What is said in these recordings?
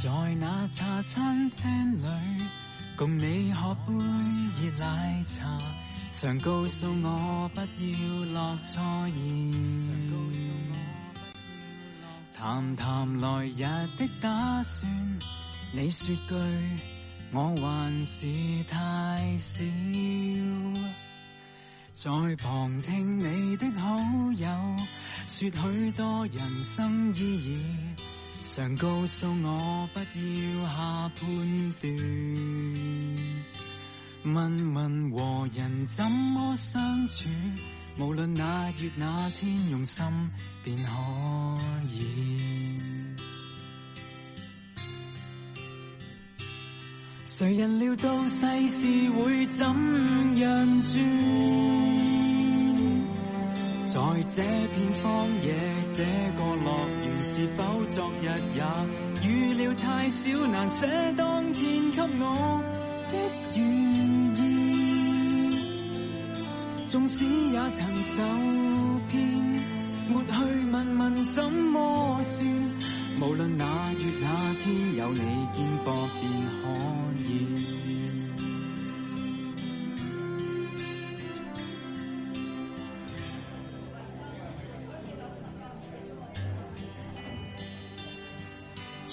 在那茶餐廳裏，共你喝杯熱奶茶，常告訴我不要落錯意。常告訴我不要落。談談來日的打算，你說句，我還是太少。在旁聽你的好友說許多人生意義。常告訴我不要下判斷，問問和人怎麼相處，無論哪月哪天，用心便可以。誰人料到世事會怎樣轉？在這片荒野，這個落。是否昨日也預料太少，難寫當天給我的願意？縱使也曾受騙，沒去問問怎麼算。無論那月那天，有你肩膀便可以。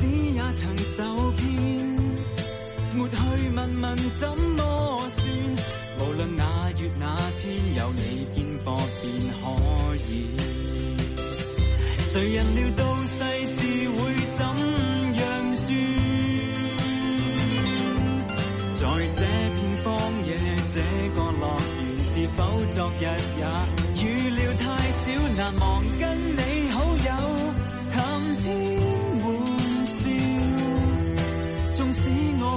只也曾受騙，沒去問問怎麼算。無論那月那天有你見過便可以。誰人料到世事會怎樣轉？在這片荒野這個樂園，是否昨日也預料太少，難忘跟你。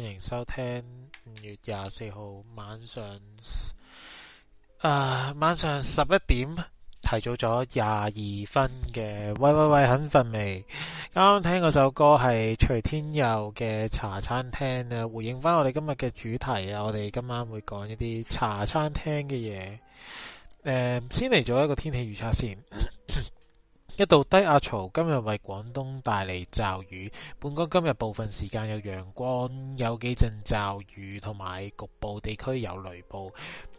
歡迎收聽五月廿四號晚上，啊、呃，晚上十一點提早咗廿二分嘅。喂喂喂，肯瞓未？啱啱聽嗰首歌係徐天佑嘅《茶餐廳》啊，回應翻我哋今日嘅主題啊，我哋今晚會講一啲茶餐廳嘅嘢。誒、呃，先嚟做一個天氣預測先。 一道低壓槽今日為廣東帶嚟驟雨。本港今日部分時間有陽光，有幾陣驟雨，同埋局部地區有雷暴。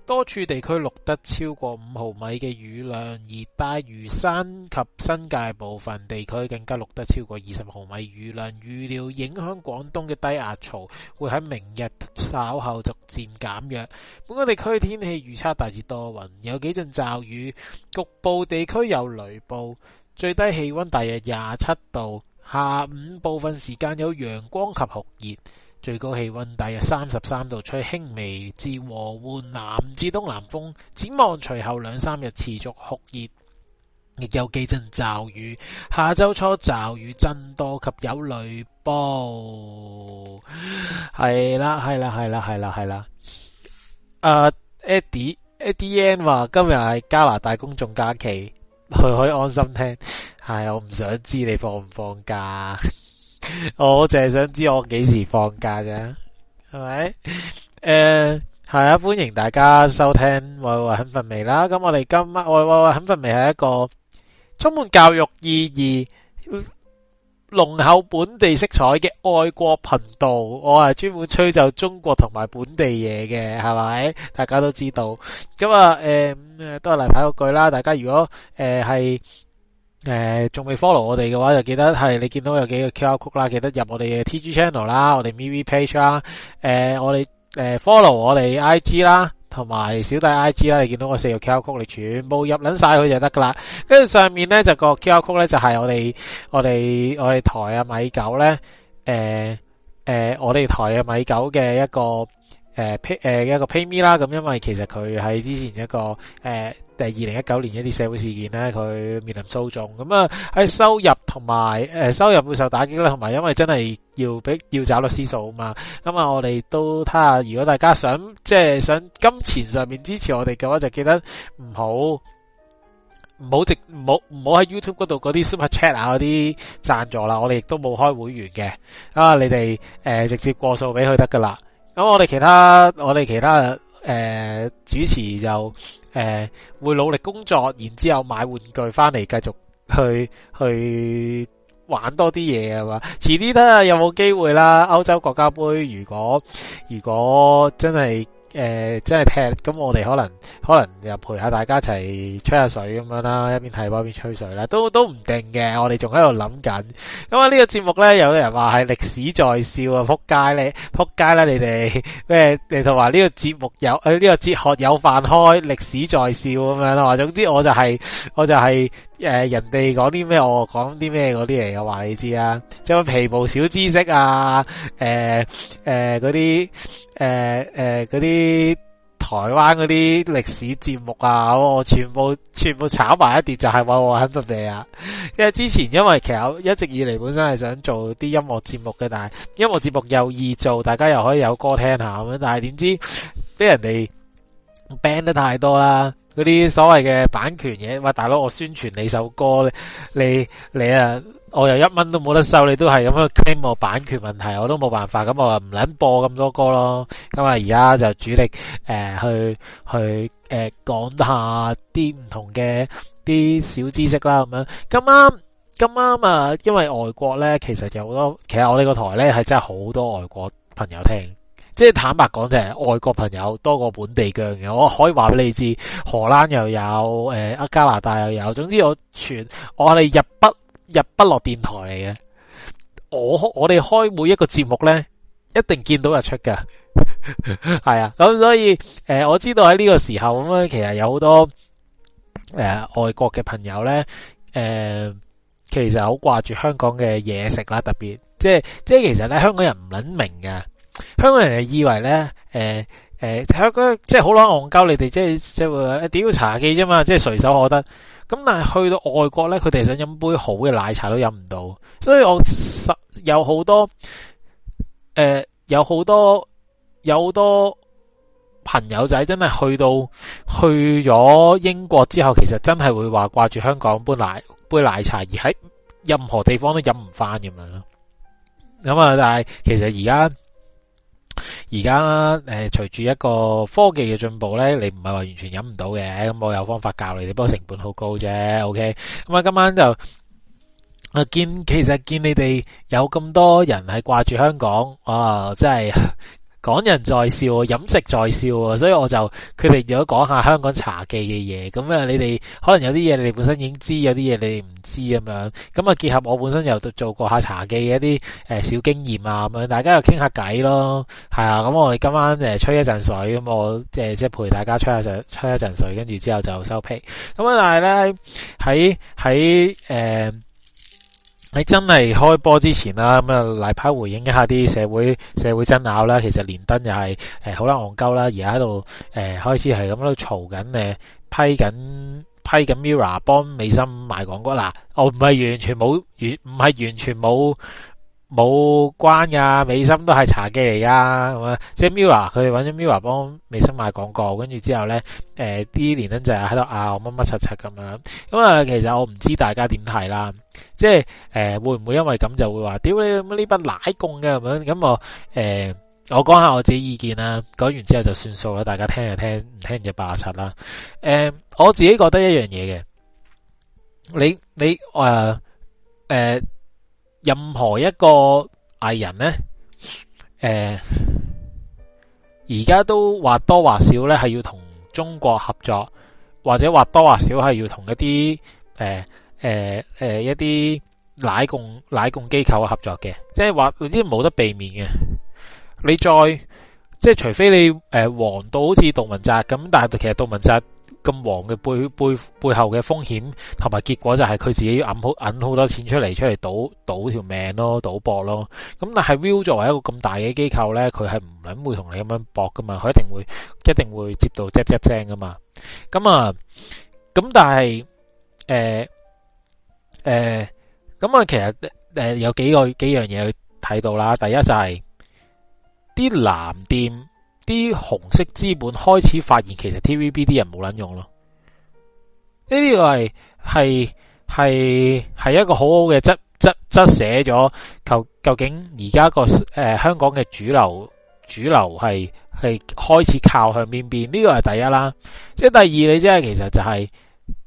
多處地區錄得超過五毫米嘅雨量，而大嶼山及新界部分地區更加錄得超過二十毫米雨量。預料影響廣東嘅低壓槽會喺明日稍後逐漸減弱。本港地區天氣預測大致多雲，有幾陣驟雨，局部地區有雷暴。最低氣溫大約廿七度，下午部分時間有陽光及酷熱，最高氣溫大約三十三度，吹輕微至和緩南，南至東南風。展望隨後兩三日持續酷熱，亦有幾陣驟雨，下周初驟雨增多及有雷暴。係啦，係啦，係啦，係啦，係啦。Eddie，Eddie、uh, Eddie N 話今日係加拿大公眾假期。佢可以安心聽，係我唔想知你放唔放假， 我淨係想知我幾時放假啫，係咪？誒、呃，係啊，歡迎大家收聽喂喂喂肯瞓未啦。咁我哋今日喂喂喂肯瞓未係一個充滿教育意義。濃厚本地色彩嘅愛國頻道，我係專門吹就中國同埋本地嘢嘅，係咪？大家都知道。咁啊，誒、呃，都係例牌嗰句啦。大家如果誒係誒仲未 follow 我哋嘅話，就記得係你見到有幾個 QR Code 啦，記得入我哋嘅 TG channel 啦、呃，我哋 V V page 啦，誒，我哋誒 follow 我哋 IG 啦。同埋小弟 I G 啦，你見到我四個 Q R code，你全部入捻晒佢就得噶啦。跟住上面咧、那個、就個 Q R code 咧就係我哋我哋我哋台啊米九咧，誒、呃、誒、呃、我哋台啊米九嘅一個。誒 p 誒一個 pay me 啦，咁因為其實佢喺之前一個誒第二零一九年一啲社會事件咧，佢面臨訴訟，咁啊喺收入同埋誒收入會受打擊啦，同埋因為真係要俾要找律師數啊嘛，咁啊我哋都睇下，如果大家想即係想金錢上面支持我哋嘅話，就記得唔好唔好直唔好唔好喺 YouTube 嗰度，嗰啲 super chat 啊嗰啲贊助啦，我哋亦都冇開會員嘅，啊你哋誒、呃、直接過數俾佢得噶啦。咁我哋其他我哋其他誒、呃、主持就誒、呃、會努力工作，然之後買玩具翻嚟繼續去去玩多啲嘢係嘛，遲啲得啊有冇機會啦？歐洲國家杯如果如果真係。誒、呃，真係踢咁，我哋可能可能又陪下大家一齊吹下水咁樣啦，一邊睇一邊吹水啦，都都唔定嘅。我哋仲喺度諗緊。咁啊，呢個節目呢，有人話係歷史在笑啊，撲街你撲街啦，你哋咩？你同話呢個節目有誒，呢個哲學有飯開，歷史在笑咁樣啦。總之我、就係，我就係我就係誒、呃、人哋講啲咩，我講啲咩嗰啲嚟，嘅話你知啊，將皮毛小知識啊，誒誒嗰啲。呃誒、呃、誒，嗰、呃、啲台灣嗰啲歷史節目啊，我全部全部炒埋一碟，就係話我肯度地啊！因為之前因為其實一直以嚟本身係想做啲音樂節目嘅，但係音樂節目又易做，大家又可以有歌聽下咁樣，但係點知俾人哋 ban 得太多啦！嗰啲所謂嘅版權嘢，話大佬我宣傳你首歌，你你啊～我又一蚊都冇得收，你都係咁樣 claim 我版權問題，我都冇辦法咁，我話唔捻播咁多歌咯。咁啊，而家就主力誒、呃、去去誒、呃、講下啲唔同嘅啲小知識啦。咁樣咁晚，咁晚啊，因為外國咧，其實有好多。其實我呢個台咧係真係好多外國朋友聽，即係坦白講就係，外國朋友多過本地嘅。我可以話俾你知，荷蘭又有誒，加拿大又有。總之我全我哋入北。日不落電台嚟嘅，我我哋開每一個節目咧，一定見到日出嘅。係啊，咁所以誒、呃，我知道喺呢個時候咁樣，其實有好多誒、呃、外國嘅朋友咧，誒、呃，其實好掛住香港嘅嘢食啦，特別即係即係其實咧，香港人唔撚明嘅，香港人係以為咧，誒、呃、誒、呃，香港即係好撚戇鳩，你哋即係即係調、哎、茶記啫嘛，即係隨手可得。咁但係去到外國呢，佢哋想飲杯好嘅奶茶都飲唔到，所以我實有好多，呃，有好多有好多朋友仔真係去到去咗英國之後，其實真係會話掛住香港杯奶杯奶茶，而喺任何地方都飲唔翻咁樣咯。咁啊，但係其實而家。而家誒，隨住一個科技嘅進步咧，你唔係話完全飲唔到嘅，咁我有方法教你哋，只不過成本好高啫。OK，咁啊，今晚就啊見，其實見你哋有咁多人係掛住香港，啊、哦，真係～港人在笑啊，飲食在笑，所以我就決定咗講下香港茶記嘅嘢，咁啊你哋可能有啲嘢你哋本身已經知，有啲嘢你哋唔知咁樣，咁啊結合我本身又做做過下茶記嘅一啲、呃、小經驗啊咁樣，大家又傾下偈咯，係啊，咁我哋今晚、呃、吹一陣水咁，我即係、呃、陪大家吹下吹，吹一陣水，跟住之後就收皮。咁但係咧喺喺誒。喺真係開波之前啦，咁啊，例牌回應一下啲社會社會爭拗啦。其實連登又係誒好啦，戇鳩啦，而家喺度誒開始係咁喺度嘈緊誒批緊批緊 Mirror 幫美心賣廣告啦。哦、呃，唔係完全冇，完唔係完全冇。冇關噶，美心都係茶記嚟啊，咁啊，即係 Mirror 佢揾咗 Mirror 幫美心賣廣告，跟住之後咧，誒、呃、啲年輪係喺度啊，乜乜七七咁樣，咁啊，其實我唔知大家點睇啦，即係誒、呃、會唔會因為咁就會話，屌你咁呢筆奶共嘅咁樣，咁、嗯嗯、我誒、呃、我講下我自己意見啦，講完之後就算數啦，大家聽就聽，唔聽就罷七啦，誒、呃，我自己覺得一樣嘢嘅，你你誒誒。任何一個藝人咧，誒、呃，而家都或多或少咧，係要同中國合作，或者或多或少係要同一啲誒誒誒一啲奶共奶共機構合作嘅，即係話呢啲冇得避免嘅。你再即係，除非你誒黃到好似杜汶澤咁，但係其實杜汶澤。咁黃嘅背背背後嘅風險，同埋結果就係佢自己要揞好揞好多錢出嚟，出嚟賭賭條命咯，賭博咯。咁但係 Viu 作為一個咁大嘅機構咧，佢係唔諗會同你咁樣搏噶嘛，佢一定會一定會接到 zap zap 聲噶嘛。咁啊，咁但係誒誒，咁啊，其實誒有幾個幾樣嘢去睇到啦。第一就係啲藍店。啲紅色資本開始發現，其實 TVB 啲人冇撚用咯。呢啲係係係係一個好好嘅質執執寫咗，究竟而家個誒、呃、香港嘅主流主流係係開始靠向邊邊？呢、呢個係第一啦。即係第二，你即係其實就係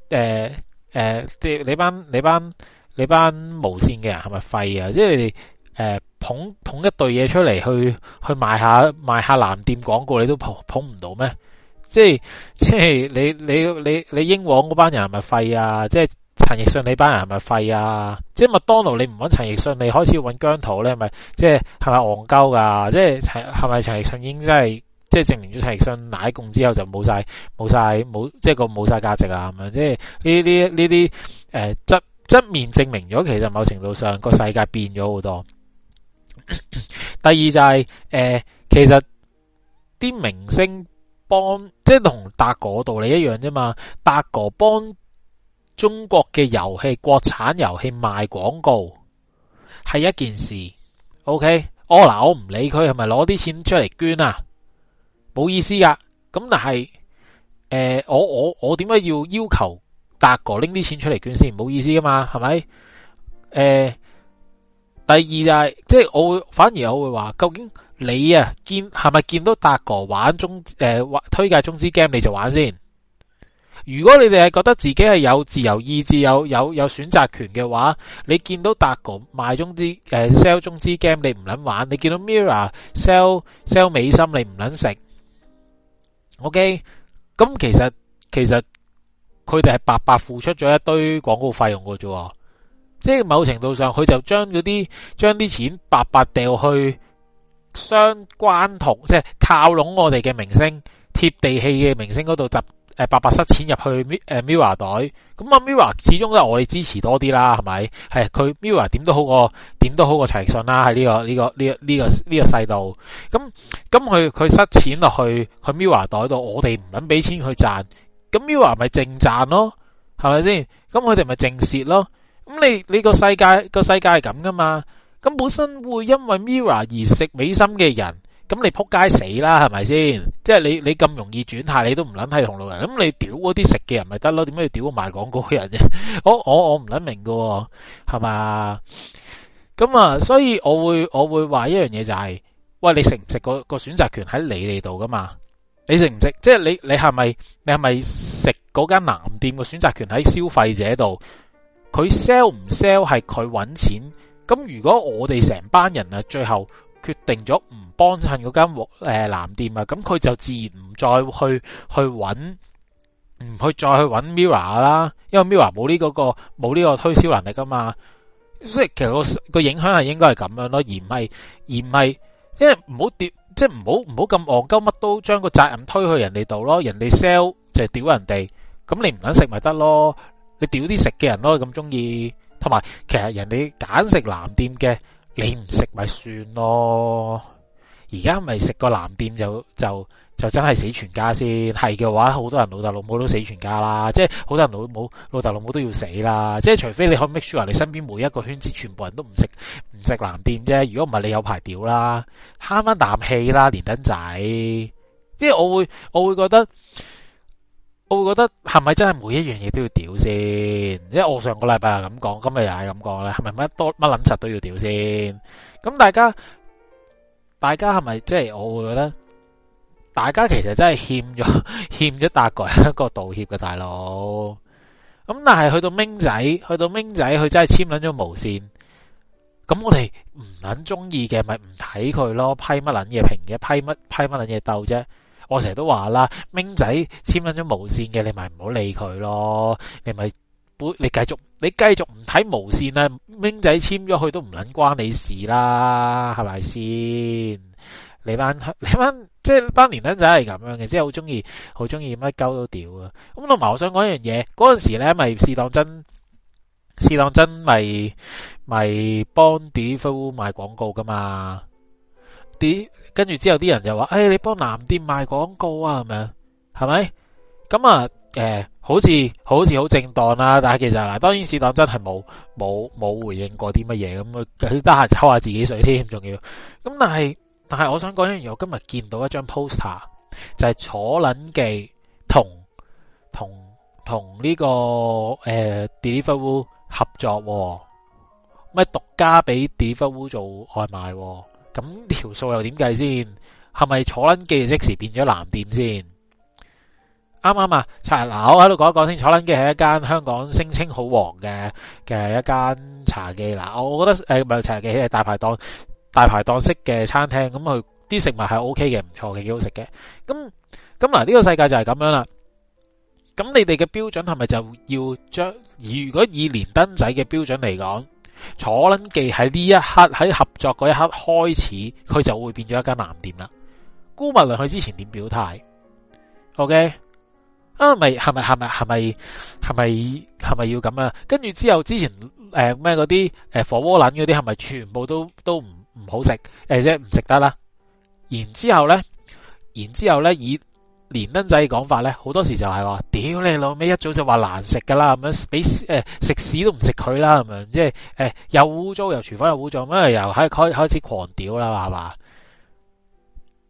誒誒，你班你班你班無綫嘅人係咪廢啊？即係你。誒捧捧一對嘢出嚟去去賣下賣下藍店廣告，你都捧捧唔到咩？即係即係你你你你英皇嗰班人係咪廢啊？即係陳奕迅你班人係咪廢啊？即麥當勞你唔揾陳奕迅，你開始揾姜濤咧，係咪即係係咪戇鳩㗎？即係係咪陳奕迅已經真係即係證明咗陳奕迅奶共之後就冇晒，冇曬冇即係個冇晒價值啊？咁樣即係呢呢呢啲誒側側面證明咗，其實某程度上個世界變咗好多。 第二就係、是、誒、呃，其實啲明星幫即係同達哥道理一樣啫嘛，達哥幫中國嘅遊戲國產遊戲賣廣告係一件事，OK？哦嗱，我唔理佢係咪攞啲錢出嚟捐啊，冇意思噶。咁但係誒、呃，我我我點解要要求達哥拎啲錢出嚟捐先？唔好意思噶嘛，係咪？誒、呃。第二就係、是，即係我反而我會話，究竟你啊見係咪見到達哥玩中誒、呃，推介中資 game 你就玩先？如果你哋係覺得自己係有自由意志、有有有選擇權嘅話，你見到達哥賣中資誒 sell、呃、中資 game，你唔捻玩；你見到 Mirror sell sell 美心，你唔捻食。OK，咁其實其實佢哋係白白付出咗一堆廣告費用嘅啫。即係某程度上，佢就將嗰啲將啲錢白白掉去相關同即係靠攏我哋嘅明星，貼地氣嘅明星嗰度集誒，白白塞錢入去 MIRROR 袋。咁啊 MIRROR 始終都係我哋支持多啲啦，係咪？係佢 MIRROR 點都好過點都好過陳奕迅啦。喺呢個呢個呢個呢個呢個世度咁咁佢佢塞錢落去佢 MIRROR 袋度，我哋唔肯俾錢去賺，咁 MIRROR 咪淨賺咯，係咪先？咁佢哋咪淨蝕咯。咁你你個世界個世界係咁噶嘛？咁本身會因為 Mirror 而食美心嘅人，咁你扑街死啦，係咪先？即係你你咁容易轉態，你都唔捻係同路人。咁你屌嗰啲食嘅人咪得咯？點解要屌埋廣告嘅人啫？我我我唔捻明噶、哦，係嘛？咁啊，所以我會我會話一樣嘢就係、是，喂，你食唔食個個選擇權喺你哋度噶嘛？你食唔食？即係你你係咪你係咪食嗰間藍店嘅選擇權喺消費者度？佢 sell 唔 sell 係佢搵錢，咁如果我哋成班人啊，最後決定咗唔幫襯嗰間誒藍店啊，咁佢就自然唔再去去搵，唔去再去搵 Mirror 啦，因為 Mirror 冇呢個冇呢個推銷能力噶嘛，即係其實個個影響係應該係咁樣咯，而唔係而唔係，因為唔好跌，即係唔好唔好咁戇鳩，乜都將個責任推去人哋度咯，人哋 sell 就係屌人哋，咁你唔肯食咪得咯。你屌啲食嘅人咯，咁中意，同埋其實人哋揀食藍店嘅，你唔食咪算咯。而家咪食個藍店就就就真係死全家先，係嘅話，好多人老豆老母都死全家啦，即係好多人老母老豆老母都要死啦。即係除非你可以 make sure 你身邊每一個圈子全部人都唔食唔食藍店啫。如果唔係，你有排屌啦，慳翻啖氣啦，連登仔。即係我會我會覺得。我會覺得係咪真係每一樣嘢都要屌先？因為我上個禮拜又咁講，今日又係咁講咧，係咪乜多乜捻實都要屌先？咁大家大家係咪即係我會覺得大家其實真係欠咗欠咗達哥一個道歉嘅大佬？咁但係去到明仔去到明仔，佢真係簽捻咗無線。咁我哋唔捻中意嘅咪唔睇佢咯？批乜捻嘢平嘅？批乜批乜捻嘢鬥啫？我成日都話啦，明仔簽翻張無線嘅，你咪唔好理佢咯。你咪本，你繼續，你繼續唔睇無線啊。明仔簽咗去都唔撚關你事啦，係咪先？你班你班即係班年輕仔係咁樣嘅，即係好中意，好中意乜鳩都屌啊。咁同埋，我想講一樣嘢，嗰陣時咧，咪試當真，試當真咪咪幫啲富豪賣廣告噶嘛？Dee? 跟住之後啲人就話，誒、哎，你幫南店賣廣告啊，係咪？係咪？咁、呃、啊，誒，好似好似好正當啦，但係其實啦，當然市檔真係冇冇冇回應過啲乜嘢，咁佢得閒抽下自己水添，仲要。咁但係但係，我想講一樣嘢，我今日見到一張 poster，就係坐捻記同同同呢個誒、呃、Deliveroo 合作，啊，咩獨家俾 Deliveroo 做外賣，啊。咁條數又點計先？係咪坐捻機即時變咗藍店先？啱啱啊！茶樓嗱，我喺度講一講先。坐捻機係一間香港聲稱好黃嘅嘅一間茶記嗱，我覺得誒唔係茶記係大排檔大排檔式嘅餐廳，咁佢啲食物係 OK 嘅，唔錯嘅，幾好食嘅。咁咁嗱，呢個世界就係咁樣啦。咁你哋嘅標準係咪就要將？如果以連登仔嘅標準嚟講？坐捻記喺呢一刻喺合作嗰一刻開始，佢就會變咗一間藍店啦。姑勿論佢之前點表態？OK 啊？咪係咪係咪係咪係咪係咪要咁啊？跟住之後之前誒咩嗰啲誒火鍋捻嗰啲係咪全部都都唔唔好食誒即係唔食得啦？然之後咧，然之後咧以。連登仔講法咧，好多時就係話屌你老味，一早就話難食噶啦，咁樣俾誒食屎都唔食佢啦，咁樣即係誒又污糟又廚房又污糟，咁啊又喺開開始狂屌啦，係嘛？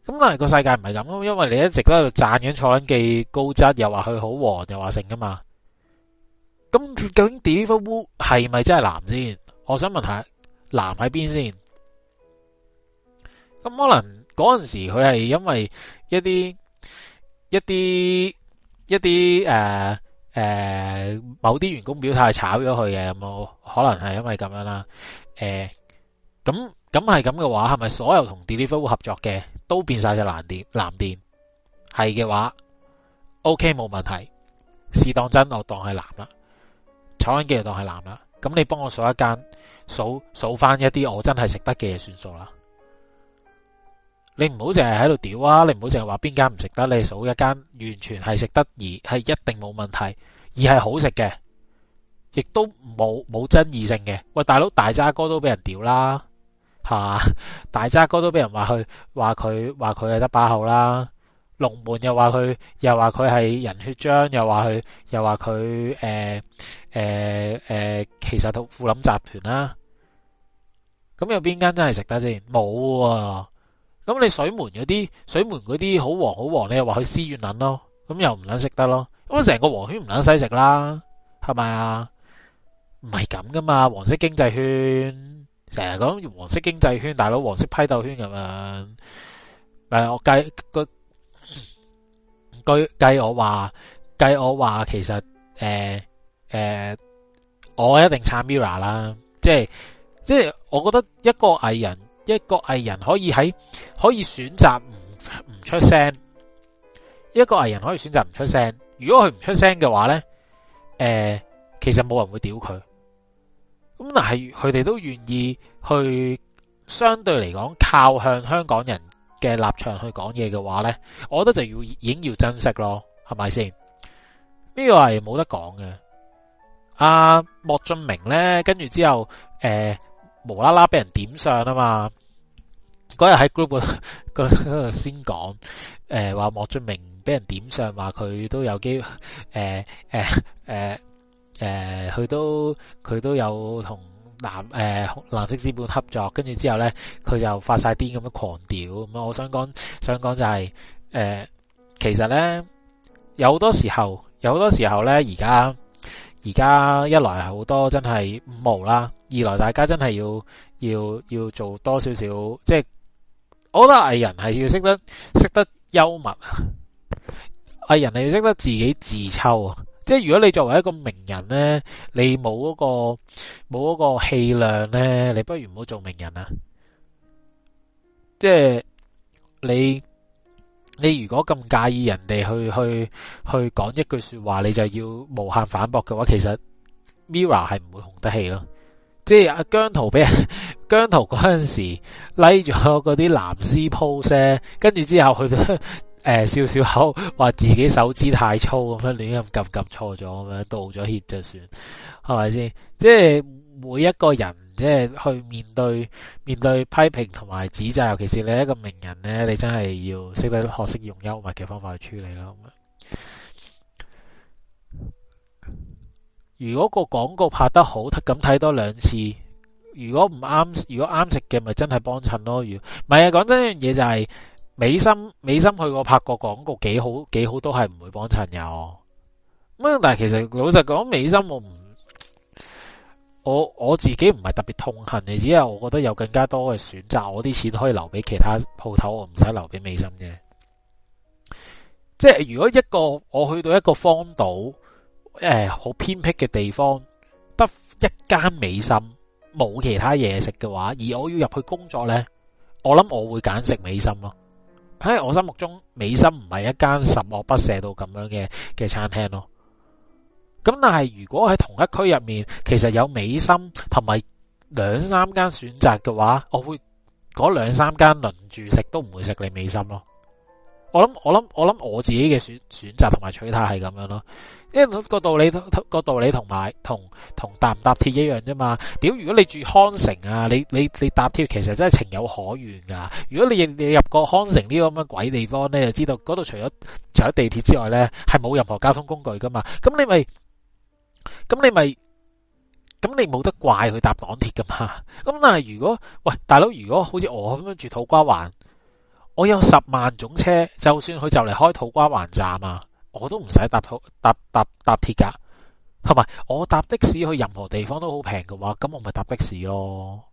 咁但係個世界唔係咁，因為你一直都喺度讚緊茶記高質，又話佢好黃，又話成噶嘛。咁究竟點翻污係咪真係藍先？我想問下藍喺邊先？咁可能嗰陣時佢係因為一啲。一啲一啲誒誒，某啲員工表態炒咗佢嘅，咁可能係因為咁樣啦。誒、呃，咁咁係咁嘅話，係咪所有同 Deliver 合作嘅都變晒隻藍店藍店？係嘅話，OK 冇問題，是當真我當係藍啦，坐緊機就當係藍啦。咁你幫我數一間，數數翻一啲我真係食得嘅嘢算數啦。你唔好淨係喺度屌啊！你唔好淨係話邊間唔食得，你數一間完全係食得而係一定冇問題，而係好食嘅，亦都冇冇爭議性嘅。喂，大佬大渣哥都俾人屌啦，係嘛？大渣哥都俾人話佢話佢話佢係得把口啦，龍門又話佢又話佢係人血漿，又話佢又話佢誒誒誒，其實同富臨集團啦。咁有邊間真係食得先？冇。咁你水門嗰啲水門嗰啲好黃好黃，你又話去私院撚咯，咁又唔撚食得咯，咁成個黃圈唔撚使食啦，係咪啊？唔係咁噶嘛，黃色經濟圈，成日講黃色經濟圈，大佬黃色批鬥圈咁樣，誒我計句，據計我話，計我話其實誒誒、欸欸，我一定撐 Mira 啦，即係即係我覺得一個藝人。一個藝人可以喺可以選擇唔唔出聲，一個藝人可以選擇唔出聲。如果佢唔出聲嘅話呢，誒、呃，其實冇人會屌佢。咁但係佢哋都願意去相對嚟講靠向香港人嘅立場去講嘢嘅話呢，我覺得就要已經要珍惜咯，係咪先？呢、呢個係冇得講嘅。阿、啊、莫俊明呢，跟住之後誒。呃無啦啦俾人點上啊嘛！嗰日喺 group 嗰度先講，誒、呃、話莫俊明俾人點上，話佢都有機，誒誒誒誒，佢、呃呃呃、都佢都有同藍誒藍色資本合作，跟住之後咧，佢就發晒癲咁樣狂屌。咁啊，我想講想講就係、是，誒、呃、其實咧，有好多時候，有好多時候咧，而家而家一來係好多真係五毛啦。二來，大家真係要要要做多少少，即係我覺得藝人係要識得識得幽默啊。藝人係要識得自己自抽啊。即係如果你作為一個名人呢，你冇嗰個冇嗰個氣量呢，你不如唔好做名人啊。即係你你如果咁介意人哋去去去講一句說話，你就要無限反駁嘅話，其實 Mirror 係唔會紅得氣咯。即係阿姜濤俾人姜濤嗰陣時拉咗嗰啲藍絲鋪聲，跟住之後佢都笑笑口話自己手指太粗咁樣亂咁撳，撳錯咗咁樣道咗歉就算係咪先？即係每一個人即係去面對面對批評同埋指責，尤其是你一個名人呢，你真係要識得學識用幽默嘅方法去處理咯咁如果個廣告拍得好，咁睇多兩次。如果唔啱，如果啱食嘅，咪真係幫襯咯。唔係啊，講真一樣嘢就係美心，美心去過拍個廣告，幾好幾好，好都係唔會幫襯嘅。咁但係其實老實講，美心我唔，我我自己唔係特別痛恨嘅，只係我覺得有更加多嘅選擇，我啲錢可以留俾其他鋪頭，我唔使留俾美心嘅。即係如果一個我去到一個荒島。誒、欸，好偏僻嘅地方，得一間美心，冇其他嘢食嘅話，而我要入去工作呢，我諗我會揀食美心咯。喺我心目中，美心唔係一間十惡不赦到咁樣嘅嘅餐廳咯。咁但係如果喺同一區入面，其實有美心同埋兩三間選擇嘅話，我會嗰兩三間輪住食，都唔會食你美心咯。我諗我諗我諗我自己嘅選選擇同埋取態係咁樣咯，因為個道理個道理同埋同同搭唔搭鐵一樣啫嘛。點，如果你住康城啊，你你你搭鐵其實真係情有可原噶。如果你你入過康城呢個咁嘅鬼地方咧，就知道嗰度除咗除咗地鐵之外咧，係冇任何交通工具噶嘛。咁你咪咁你咪咁你冇得怪佢搭港鐵噶嘛。咁但係如果喂，大佬，如果好似我咁樣住土瓜灣。我有十萬種車，就算佢就嚟開土瓜灣站啊，我都唔使搭搭搭搭鐵㗎。同埋我搭的士去任何地方都好平嘅話，咁我咪搭的士咯。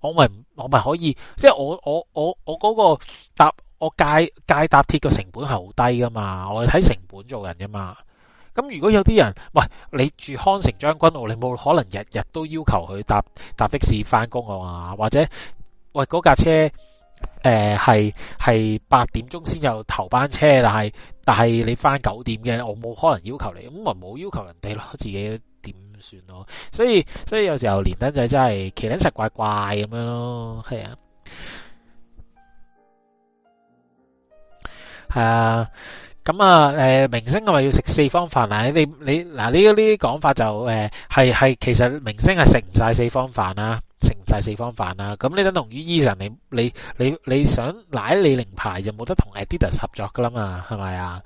我咪我咪可以，即係我我我我嗰、嗰個搭我介介搭鐵嘅成本係好低噶嘛，我哋喺成本做人啫嘛。咁如果有啲人，喂，你住康城將軍澳，你冇可能日日都要求佢搭搭的士翻工啊嘛，或者喂嗰架車。誒、呃，係係八點鐘先有頭班車，但係但係你翻九點嘅，我冇可能要求你，咁我冇要求人哋咯，自己點算咯？所以所以有時候連登仔真係奇捻實怪怪咁樣咯，係啊，係啊，咁啊，誒、啊，明星係咪要食四方飯啊？你你嗱呢呢啲講法就誒係係其實明星係食唔晒四方飯啊。成世四方飯啦，咁你等同於 Eason，你你你你想攞李寧牌就冇得同 Adidas 合作噶啦嘛，係咪啊？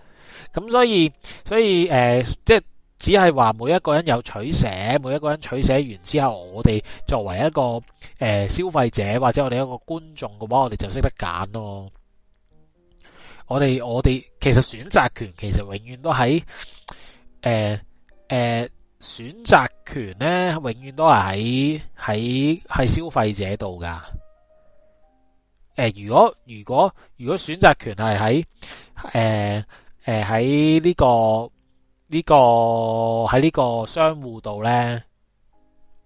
咁所以所以誒、呃，即係只係話每一個人有取捨，每一個人取捨完之後，我哋作為一個誒、呃、消費者或者我哋一個觀眾嘅話，我哋就識得揀咯。我哋我哋其實選擇權其實永遠都喺誒誒。呃呃選擇權呢，永遠都係喺喺消費者度㗎。誒，如果如果如果選擇權係喺誒誒喺呢個呢個喺呢個商戶度呢，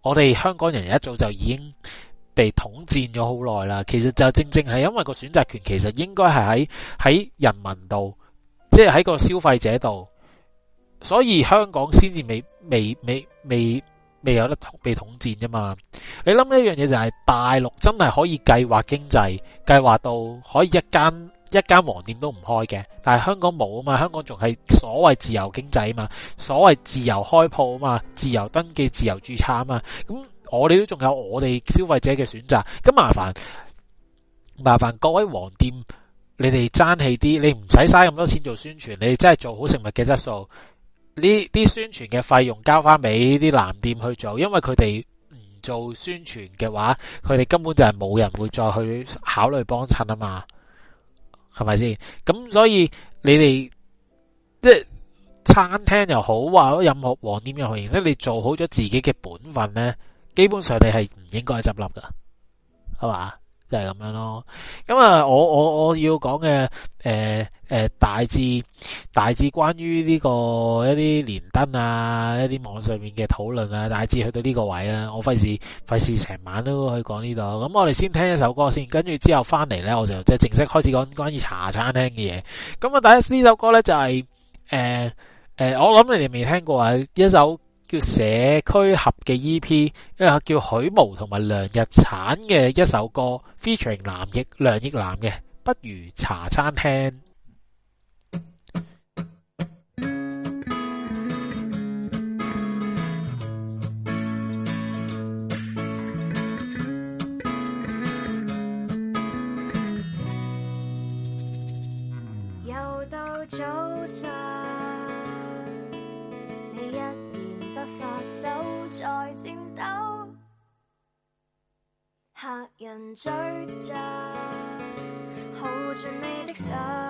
我哋香港人一早就已經被統戰咗好耐啦。其實就正正係因為個選擇權，其實應該係喺喺人民度，即係喺個消費者度。所以香港先至未未未未未有得被統戰啫嘛。你諗一樣嘢就係大陸真係可以計劃經濟，計劃到可以一間一間黃店都唔開嘅，但係香港冇啊嘛？香港仲係所謂自由經濟啊嘛？所謂自由開鋪啊嘛？自由登記、自由註冊啊嘛？咁我哋都仲有我哋消費者嘅選擇，咁麻煩麻煩各位黃店，你哋爭氣啲，你唔使嘥咁多錢做宣傳，你哋真係做好食物嘅質素。呢啲宣傳嘅費用交翻俾啲藍店去做，因為佢哋唔做宣傳嘅話，佢哋根本就係冇人會再去考慮幫襯啊嘛，係咪先？咁所以你哋即餐廳又好啊，任何黃店又好，其實你做好咗自己嘅本分呢，基本上你係唔應該執笠噶，係嘛？就係、是、咁樣咯，咁啊，我我我要講嘅，誒、呃、誒、呃，大致大致關於呢個一啲連登啊，一啲網上面嘅討論啊，大致去到呢個位啦、啊，我費事費事成晚都去講呢度，咁我哋先聽一首歌先，跟住之後翻嚟咧，我就即係正式開始講關於茶餐廳嘅嘢，咁啊，第一呢首歌咧就係、是，誒、呃、誒、呃，我諗你哋未聽過啊，一首。叫社區合嘅 E.P，一個叫許冇同埋梁日產嘅一首歌，featuring 梁奕梁奕男嘅《不如茶餐廳》。追着，hold 住你的手。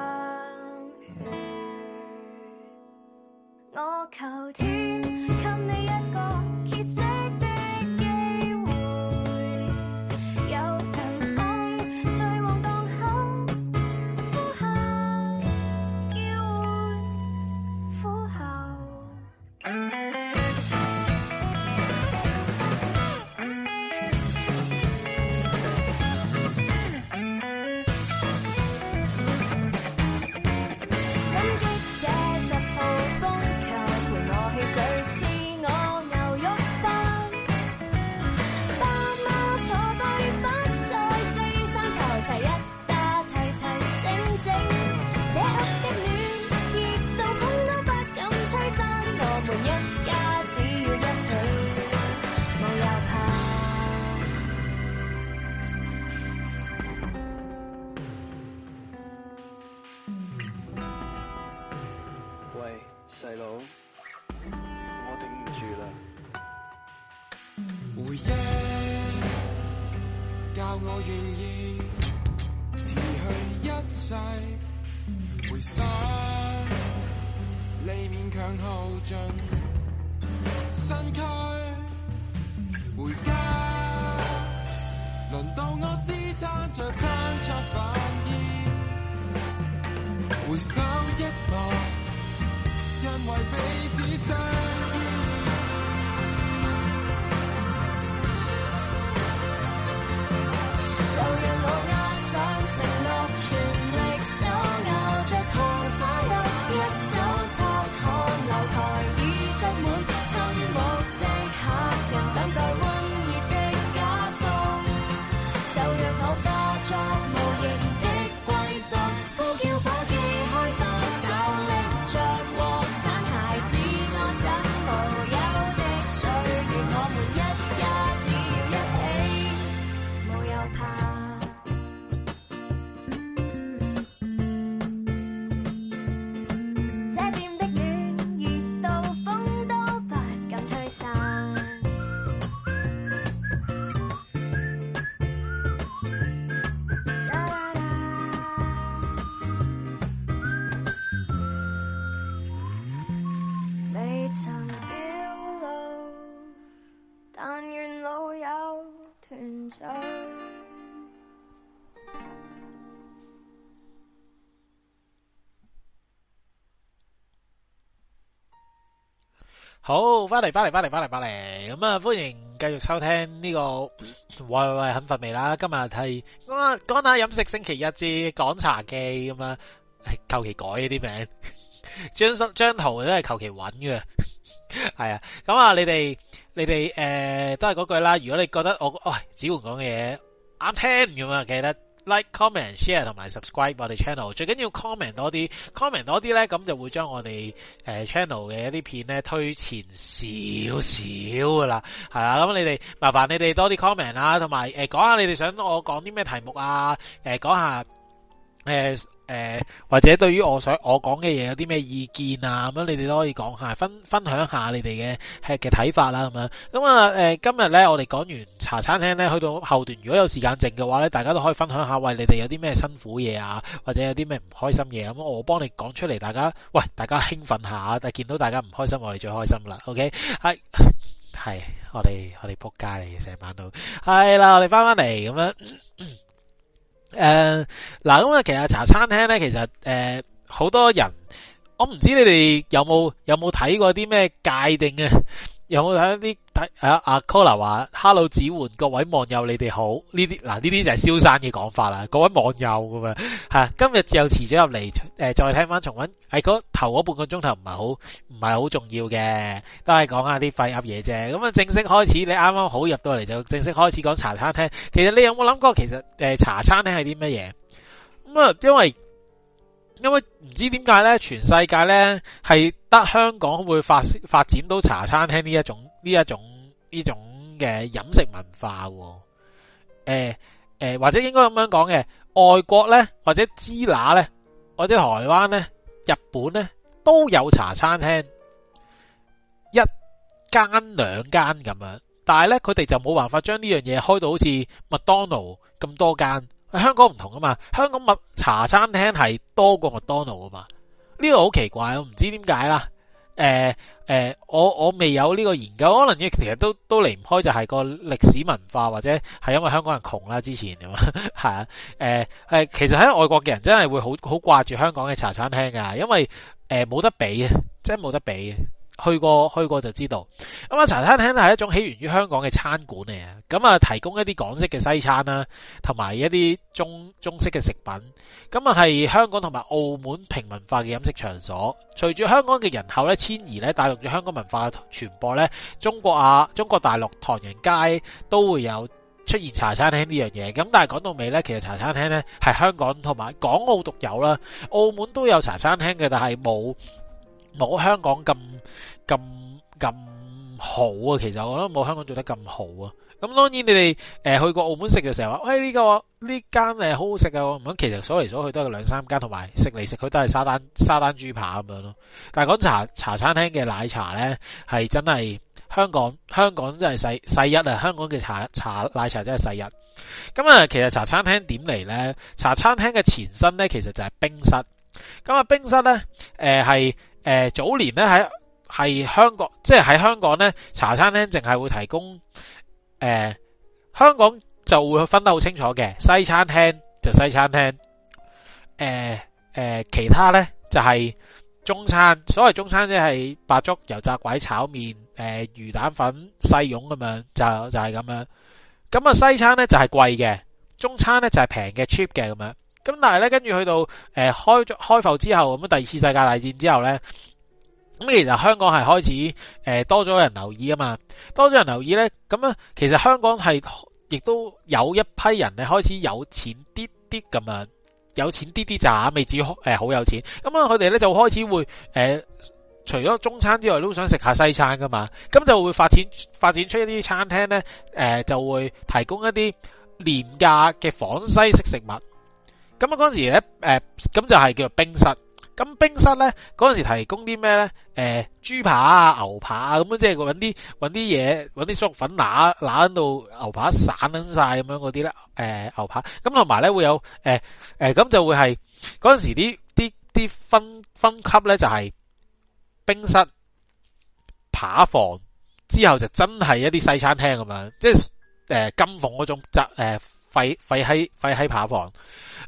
好，翻嚟翻嚟翻嚟翻嚟翻嚟，咁啊，歡迎繼續收聽呢個喂喂喂，肯瞓未啦。今日係我講下飲食星期一之港茶記咁啊，係求其改啲名，張張圖都係求其搵嘅，係啊。咁啊，你哋你哋誒，都係嗰句啦。如果你覺得我誒子桓講嘅嘢啱聽咁啊，記得。Like、comment、share 同埋 subscribe 我哋 channel，最緊要 comment 多啲，comment 多啲咧，咁就會將我哋誒 channel 嘅一啲片咧推前少少噶啦，係啦，咁你哋麻煩你哋多啲 comment 啦，同埋誒講下你哋想我講啲咩題目啊，誒講下誒。誒、呃，或者對於我想我講嘅嘢，有啲咩意見啊咁樣，你哋都可以講下，分分享下你哋嘅嘅睇法啦、啊、咁樣。咁啊，誒，今日咧我哋講完茶餐廳咧，去到後段，如果有時間剩嘅話咧，大家都可以分享下，喂、呃，你哋有啲咩辛苦嘢啊，或者有啲咩唔開心嘢咁，我幫你講出嚟，大家喂、呃，大家興奮下，但見到大家唔開心，我哋最開心啦。OK，係係，我哋我哋仆街嚟嘅，成晚都係啦，我哋翻翻嚟咁樣。咳咳誒，嗱，咁啊，其實茶餐廳咧，其實誒，好、uh, 多人，我唔知你哋有冇有冇睇過啲咩界定啊？有冇睇啲睇啊？阿 Cola 話 Hello，子桓各位網友你哋好呢啲嗱呢啲就係蕭生嘅講法啦。各位網友咁啊,啊，今日就遲咗入嚟，誒、呃，再聽翻重温係嗰頭嗰半個鐘頭唔係好唔係好重要嘅，都係講下啲廢噏嘢啫。咁啊，正式開始，你啱啱好入到嚟就正式開始講茶餐廳。其實你有冇諗過，其實誒、呃、茶餐廳係啲乜嘢咁啊？因為。因為唔知點解咧，全世界咧係得香港會發發展到茶餐廳呢一種呢一種呢種嘅飲食文化。誒、呃、誒、呃，或者應該咁樣講嘅，外國咧或者支那咧或者台灣咧日本咧都有茶餐廳，一間兩間咁樣，但係咧佢哋就冇辦法將呢樣嘢開到好似麥當勞咁多間。香港唔同啊嘛，香港麥茶餐廳係多過麥當勞啊嘛，呢、這個好奇怪，我唔知點解啦。誒、呃、誒、呃，我我未有呢個研究，可能亦其實都都離唔開就係個歷史文化或者係因為香港人窮啦，之前係啊。誒、呃、誒，其實喺外國嘅人真係會好好掛住香港嘅茶餐廳㗎，因為誒冇、呃、得比啊，真冇得比啊。去過去過就知道，咁啊茶餐廳係一種起源於香港嘅餐館嚟嘅，咁啊提供一啲港式嘅西餐啦，同埋一啲中中式嘅食品，咁啊係香港同埋澳門平民化嘅飲食場所。隨住香港嘅人口咧遷移咧，帶動咗香港文化傳播咧，中國啊中國大陸唐人街都會有出現茶餐廳呢樣嘢。咁但係講到尾咧，其實茶餐廳咧係香港同埋港澳獨有啦，澳門都有茶餐廳嘅，但係冇。冇香港咁咁咁好啊！其實我覺得冇香港做得咁好啊。咁當然你哋、呃、去過澳門食嘅時候話，喂，呢個呢間好好食啊，咁其實數嚟數去都係兩三間，同埋食嚟食去都係沙丹沙丹豬扒咁樣咯。但係講茶茶餐廳嘅奶茶呢，係真係香港香港真係世世一啊！香港嘅茶茶奶茶真係世一咁啊。其實茶餐廳點嚟呢？茶餐廳嘅前身呢，其實就係冰室。咁啊，冰室呢，係、呃。誒、呃、早年咧喺香港，即係喺香港咧，茶餐廳淨係會提供誒、呃、香港就會分得好清楚嘅西餐廳就西餐廳，誒、呃呃、其他咧就係、是、中餐。所謂中餐即係白粥、油炸鬼、炒麵、呃、魚蛋粉、細蓉咁樣，就就係咁樣。咁啊西餐咧就係貴嘅，中餐咧就係平嘅 cheap 嘅咁樣。咁，但係咧，跟住去到誒開咗開埠之後，咁第二次世界大戰之後咧，咁其實香港係開始誒多咗人留意啊嘛。多咗人留意咧，咁啊，其實香港係亦、呃、都有一批人咧開始有錢啲啲咁樣，有錢啲啲咋，未至於誒好、呃、有錢。咁啊，佢哋咧就開始會誒、呃、除咗中餐之外，都想食下西餐噶嘛。咁就會發展發展出一啲餐廳咧，誒、呃、就會提供一啲廉價嘅仿西式食物。咁啊！嗰陣時咧，誒，咁就係叫做冰室。咁冰室咧，嗰陣時提供啲咩咧？誒、呃，豬扒、牛扒啊，咁樣即係搵啲搵啲嘢，搵啲粟粉攋攋到牛扒散撚晒咁樣嗰啲咧。誒、呃，牛扒。咁同埋咧會有，誒、呃，誒、呃，咁就會係嗰陣時啲啲啲分分級咧就係、是、冰室扒房之後就真係一啲西餐廳咁樣，即係誒金鳳嗰種質誒。就是呃廢廢墟廢墟扒房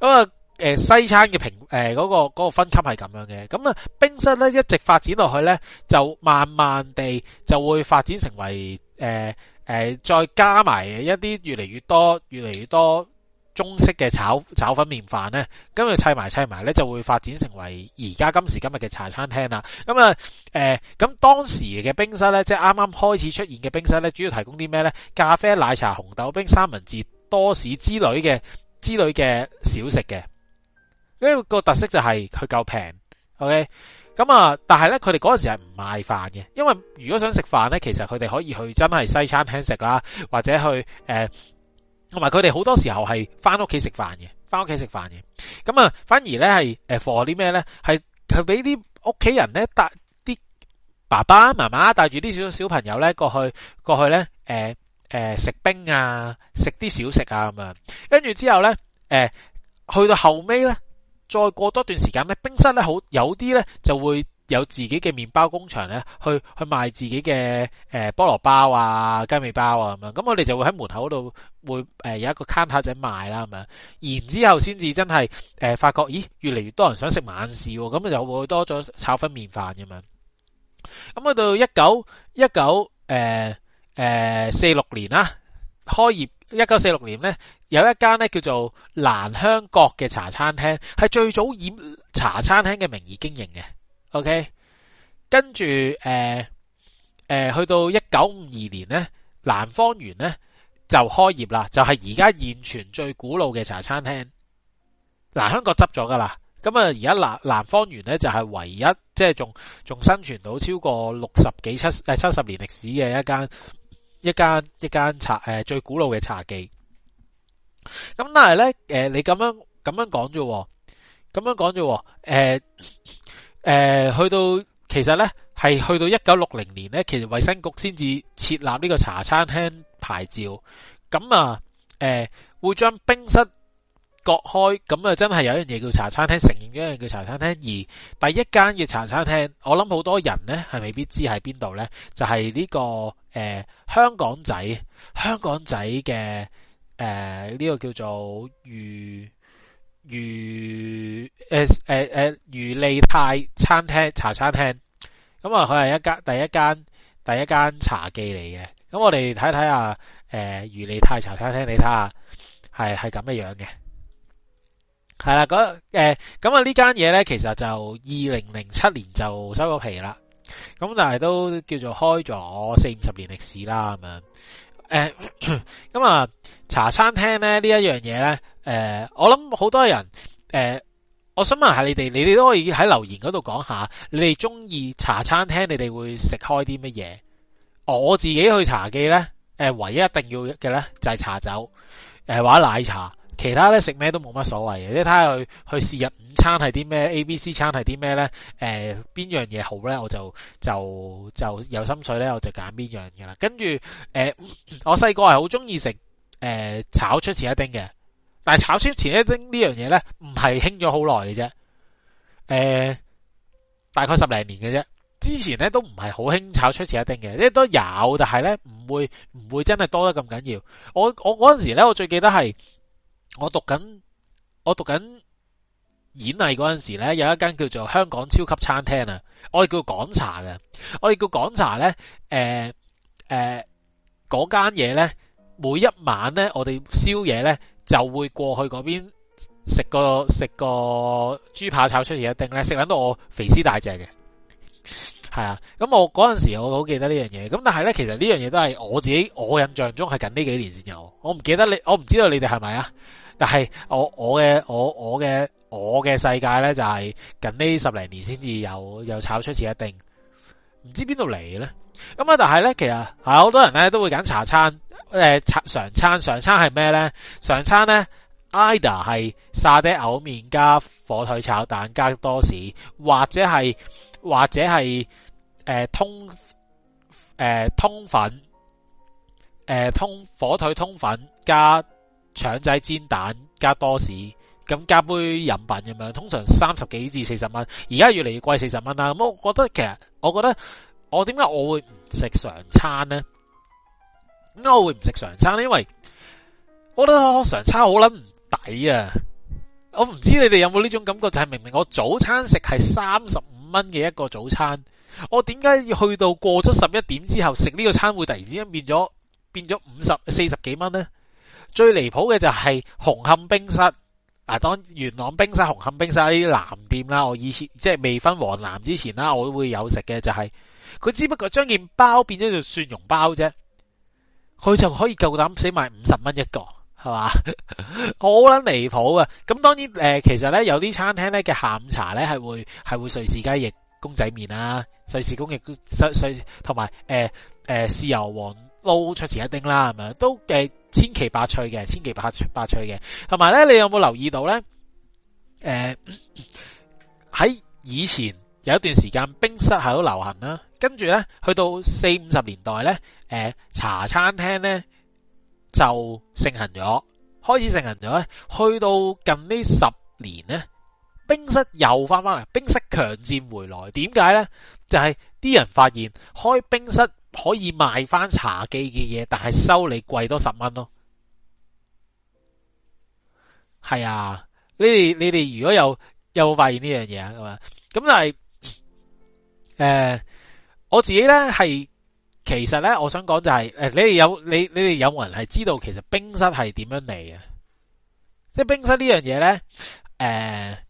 咁啊！誒，西餐嘅平誒嗰，呃嗰個、嗰個分級係咁樣嘅。咁啊，冰室咧一直發展落去咧，就慢慢地就會發展成為誒誒，呃，再加埋一啲越嚟越多越嚟越多中式嘅炒炒粉麵飯咧。咁佢砌埋砌埋咧就會發展成為而家今時今日嘅茶餐廳啦。咁，嗯，啊，誒、呃、咁當時嘅冰室咧，即係啱啱開始出現嘅冰室咧，主要提供啲咩咧？咖啡、奶茶、紅豆冰、三文治。多士之類嘅之類嘅小食嘅，因為個特色就係佢夠平，OK。咁啊，但係咧，佢哋嗰陣時係唔賣飯嘅，因為如果想食飯咧，其實佢哋可以去真係西餐廳食啦，或者去誒，同埋佢哋好多時候係翻屋企食飯嘅，翻屋企食飯嘅。咁啊，反而咧係誒放啲咩咧？係係俾啲屋企人咧帶啲爸爸媽媽帶住啲小小朋友咧過去，過去咧誒、呃，食冰啊，食啲小食啊咁樣，跟住之後呢，誒、呃，去到後尾呢，再過多段時間呢，冰室呢，好有啲呢，就會有自己嘅麵包工場呢，去去賣自己嘅誒、呃、菠蘿包啊、雞尾包啊咁樣，咁我哋就會喺門口嗰度會誒、呃、有一個攤下仔賣啦，咁樣然之後先至真係誒、呃、發覺，咦，越嚟越多人想食晚市、啊，咁就會多咗炒粉麵飯咁、啊、樣，咁去到一九一九誒。誒、呃，四六年啦，開業一九四六年呢，有一間呢叫做蘭香閣嘅茶餐廳，係最早以茶餐廳嘅名義經營嘅。OK，跟住誒誒，去到一九五二年呢，蘭芳園呢就開業啦，就係而家現存最古老嘅茶餐廳。蘭香閣執咗噶啦，咁啊而家蘭蘭芳園呢就係、是、唯一即係仲仲生存到超過六十幾七誒七十年歷史嘅一間。一間一間茶，誒，最古老嘅茶記。咁但係呢，誒、呃，你咁樣咁樣講啫，咁樣講啫誒誒，去到其實呢，係去到一九六零年呢，其實衛生局先至設立呢個茶餐廳牌照。咁啊，誒、呃，會將冰室割開，咁啊，真係有一樣嘢叫茶餐廳，成咗一樣叫茶餐廳。而第一間嘅茶餐廳，我諗好多人呢，係未必知喺邊度呢，就係呢個。呃、香港仔，香港仔嘅，誒呢個叫做裕裕誒利泰餐廳茶餐廳，咁啊佢係一間第一間第一間茶記嚟嘅。咁、嗯、我哋睇睇啊，誒裕利泰茶餐廳，你睇下係係咁嘅樣嘅，係啦。嗰咁啊呢間嘢咧，其實就二零零七年就收咗皮啦。咁但係都叫做開咗四五十年歷史啦咁樣，誒、嗯，咁啊茶餐廳咧呢一樣嘢咧，誒、呃，我諗好多人，誒、呃，我想問下你哋，你哋都可以喺留言嗰度講下，你哋中意茶餐廳，你哋會食開啲乜嘢？我自己去茶記咧，誒，唯一一定要嘅咧就係、是、茶酒，誒、呃，或者奶茶。其他咧食咩都冇乜所謂嘅，即係睇下去去試入午餐係啲咩，A、B、C 餐係啲咩咧？誒，邊樣嘢好咧？我就就就有心水咧，我就揀邊樣噶啦。跟住誒，我細個係好中意食誒炒出前一丁嘅，但係炒出前一丁呢樣嘢咧，唔係興咗好耐嘅啫。誒、呃，大概十零年嘅啫。之前咧都唔係好興炒出前一丁嘅，即係都有，但係咧唔會唔會真係多得咁緊要。我我嗰陣時咧，我最記得係。我讀緊，我讀緊演藝嗰陣時呢有一間叫做香港超級餐廳啊，我哋叫港茶嘅，我哋叫港茶呢，誒、呃、誒，嗰間嘢呢，每一晚呢，我哋宵夜呢，就會過去嗰邊食個食個豬扒炒出嚟一定呢，食緊到我肥屍大隻嘅，係啊，咁我嗰陣時我好記得呢樣嘢，咁但係呢，其實呢樣嘢都係我自己我印象中係近呢幾年先有，我唔記得你，我唔知道你哋係咪啊。但係我我嘅我我嘅我嘅世界咧，就係、是、近呢十零年先至有有炒出似一定，唔知邊度嚟咧。咁啊，但係咧，其實係好多人咧都會揀茶餐，誒、呃、茶常餐，常餐係咩咧？常餐咧，ida 係沙爹牛麵加火腿炒蛋加多士，或者係或者係誒、呃、通誒、呃、通粉，誒、呃、通火腿通粉加。腸仔煎蛋加多士，咁加杯飲品咁樣，通常三十幾至四十蚊，而家越嚟越貴40，四十蚊啦。咁我覺得其實，我覺得我點解我會唔食常餐呢？點解我會唔食常餐呢？因為我覺得我常餐好捻唔抵啊！我唔知你哋有冇呢種感覺，就係、是，明明我早餐食係三十五蚊嘅一個早餐，我點解要去到過咗十一點之後食呢個餐會突然之間變咗變咗五十四十幾蚊呢？最離譜嘅就係紅磡冰室啊，當元朗冰室、紅磡冰室呢啲藍店啦，我以前即係未分黃藍之前啦，我都會有食嘅就係、是、佢只不過將件包變咗做蒜蓉包啫，佢就可以夠膽死賣五十蚊一個，係嘛，好捻離譜啊！咁 當然誒、呃，其實咧有啲餐廳咧嘅下午茶咧係會係會瑞士雞翼、公仔麵啦、瑞士公翼、瑞同埋誒誒豉油王撈出前一丁啦，係咪？都嘅。呃千奇百趣嘅，千奇百百趣嘅，同埋咧，你有冇留意到咧？誒、呃，喺以前有一段時間冰室係好流行啦，跟住咧去到四五十年代咧，誒、呃、茶餐廳咧就盛行咗，開始盛行咗，去到近呢十年咧，冰室又翻翻嚟，冰室強占回來，點解咧？就係、是、啲人發現開冰室。可以賣翻茶記嘅嘢，但係收你貴多十蚊咯。係啊，你你哋如果有有冇發現呢樣嘢啊，咁就咁但係，誒、呃，我自己咧係，其實咧，我想講就係、是，誒、呃，你哋有你你哋有冇人係知道其實冰室係點樣嚟？啊即係冰室呢樣嘢咧，誒、呃，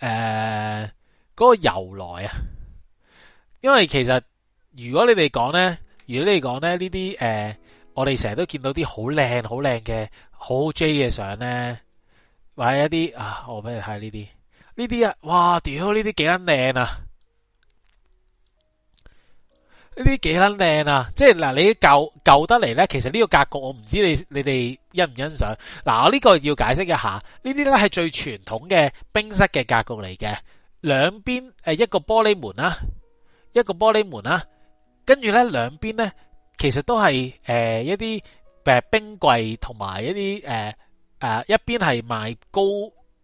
誒、呃，嗰、那個由來啊，因為其實。.如果你哋講呢，如果你哋講呢，呢啲誒、呃，我哋成日都見到啲好靚好靚嘅好 J 嘅相呢，或者一啲啊，我俾你睇呢啲呢啲啊，哇屌呢啲幾撚靚啊！呢啲幾撚靚啊！即係嗱，你舊舊得嚟呢。其實呢個格局我唔知你你哋欣唔欣賞嗱。我呢個要解釋一下，呢啲咧係最傳統嘅冰室嘅格局嚟嘅，兩邊誒一個玻璃門啦，一個玻璃門啦、啊。一個玻璃門啊。跟住呢兩邊呢，其實都係、呃、一啲、呃、冰櫃，同埋一啲、呃呃、一邊係賣糕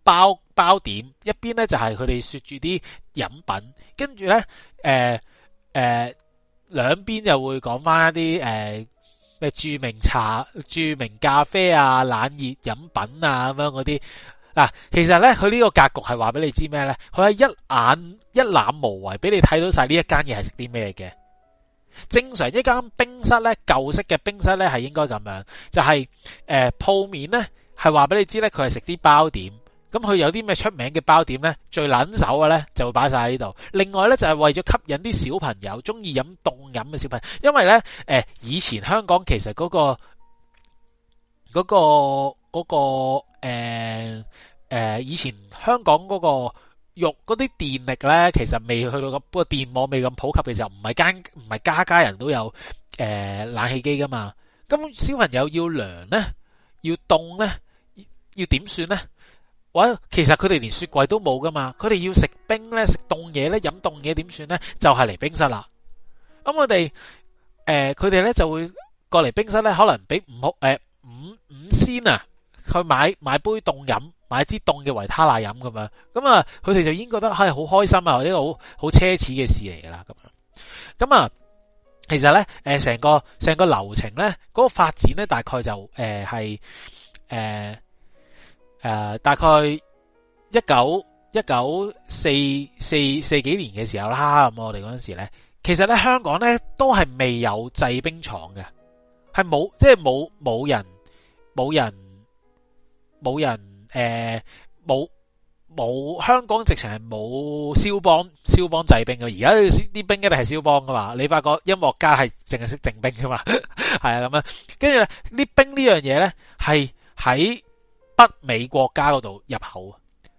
包包點，一邊呢就係佢哋説住啲飲品。跟住呢兩邊、呃呃、就會講翻一啲咩、呃、著名茶、著名咖啡啊、冷熱飲品啊咁樣嗰啲、啊、其實呢，佢呢個格局係話俾你知咩呢？佢係一眼一覽無遺，俾你睇到曬呢一間嘢係食啲咩嘅。正常一間冰室呢，舊式嘅冰室呢係應該咁樣，就係誒鋪面呢，係話俾你知呢，佢係食啲包點，咁佢有啲咩出名嘅包點呢？最撚手嘅呢，就會擺晒喺呢度。另外呢，就係、是、為咗吸引啲小朋友中意飲凍飲嘅小朋友，因為呢，呃、以前香港其實嗰個嗰個嗰個、嗰個呃呃、以前香港嗰個。用嗰啲電力咧，其實未去到咁個電網，未咁普及嘅時候，唔係間唔係家家人都有誒冷氣機噶嘛。咁小朋友要涼咧，要凍咧，要點算咧？哇！其實佢哋連雪櫃都冇噶嘛，佢哋要食冰咧，食凍嘢咧，飲凍嘢點算咧？就係嚟冰室啦。咁我哋誒佢哋咧就會過嚟冰室咧，可能俾五誒五五仙啊，去買買杯凍飲。買一支凍嘅維他奶飲咁樣，咁啊，佢哋就已經覺得係好開心啊，或者好好奢侈嘅事嚟㗎啦。咁樣咁啊，其實咧，誒、呃，成個成個流程咧，嗰、嗰個發展咧，大概就誒係誒誒，大概一九一九四四四幾年嘅時候啦。咁我哋嗰陣時咧，其實咧，香港咧都係未有製冰廠嘅，係冇即係冇冇人冇人冇人。沒有人沒有人誒，冇冇香港直情係冇肖邦肖邦製冰嘅，而家啲冰一定係肖邦噶嘛？你發覺音樂家係淨係識製冰噶嘛？係啊咁樣，跟住呢啲冰呢樣嘢咧，係喺北美國家嗰度入口啊，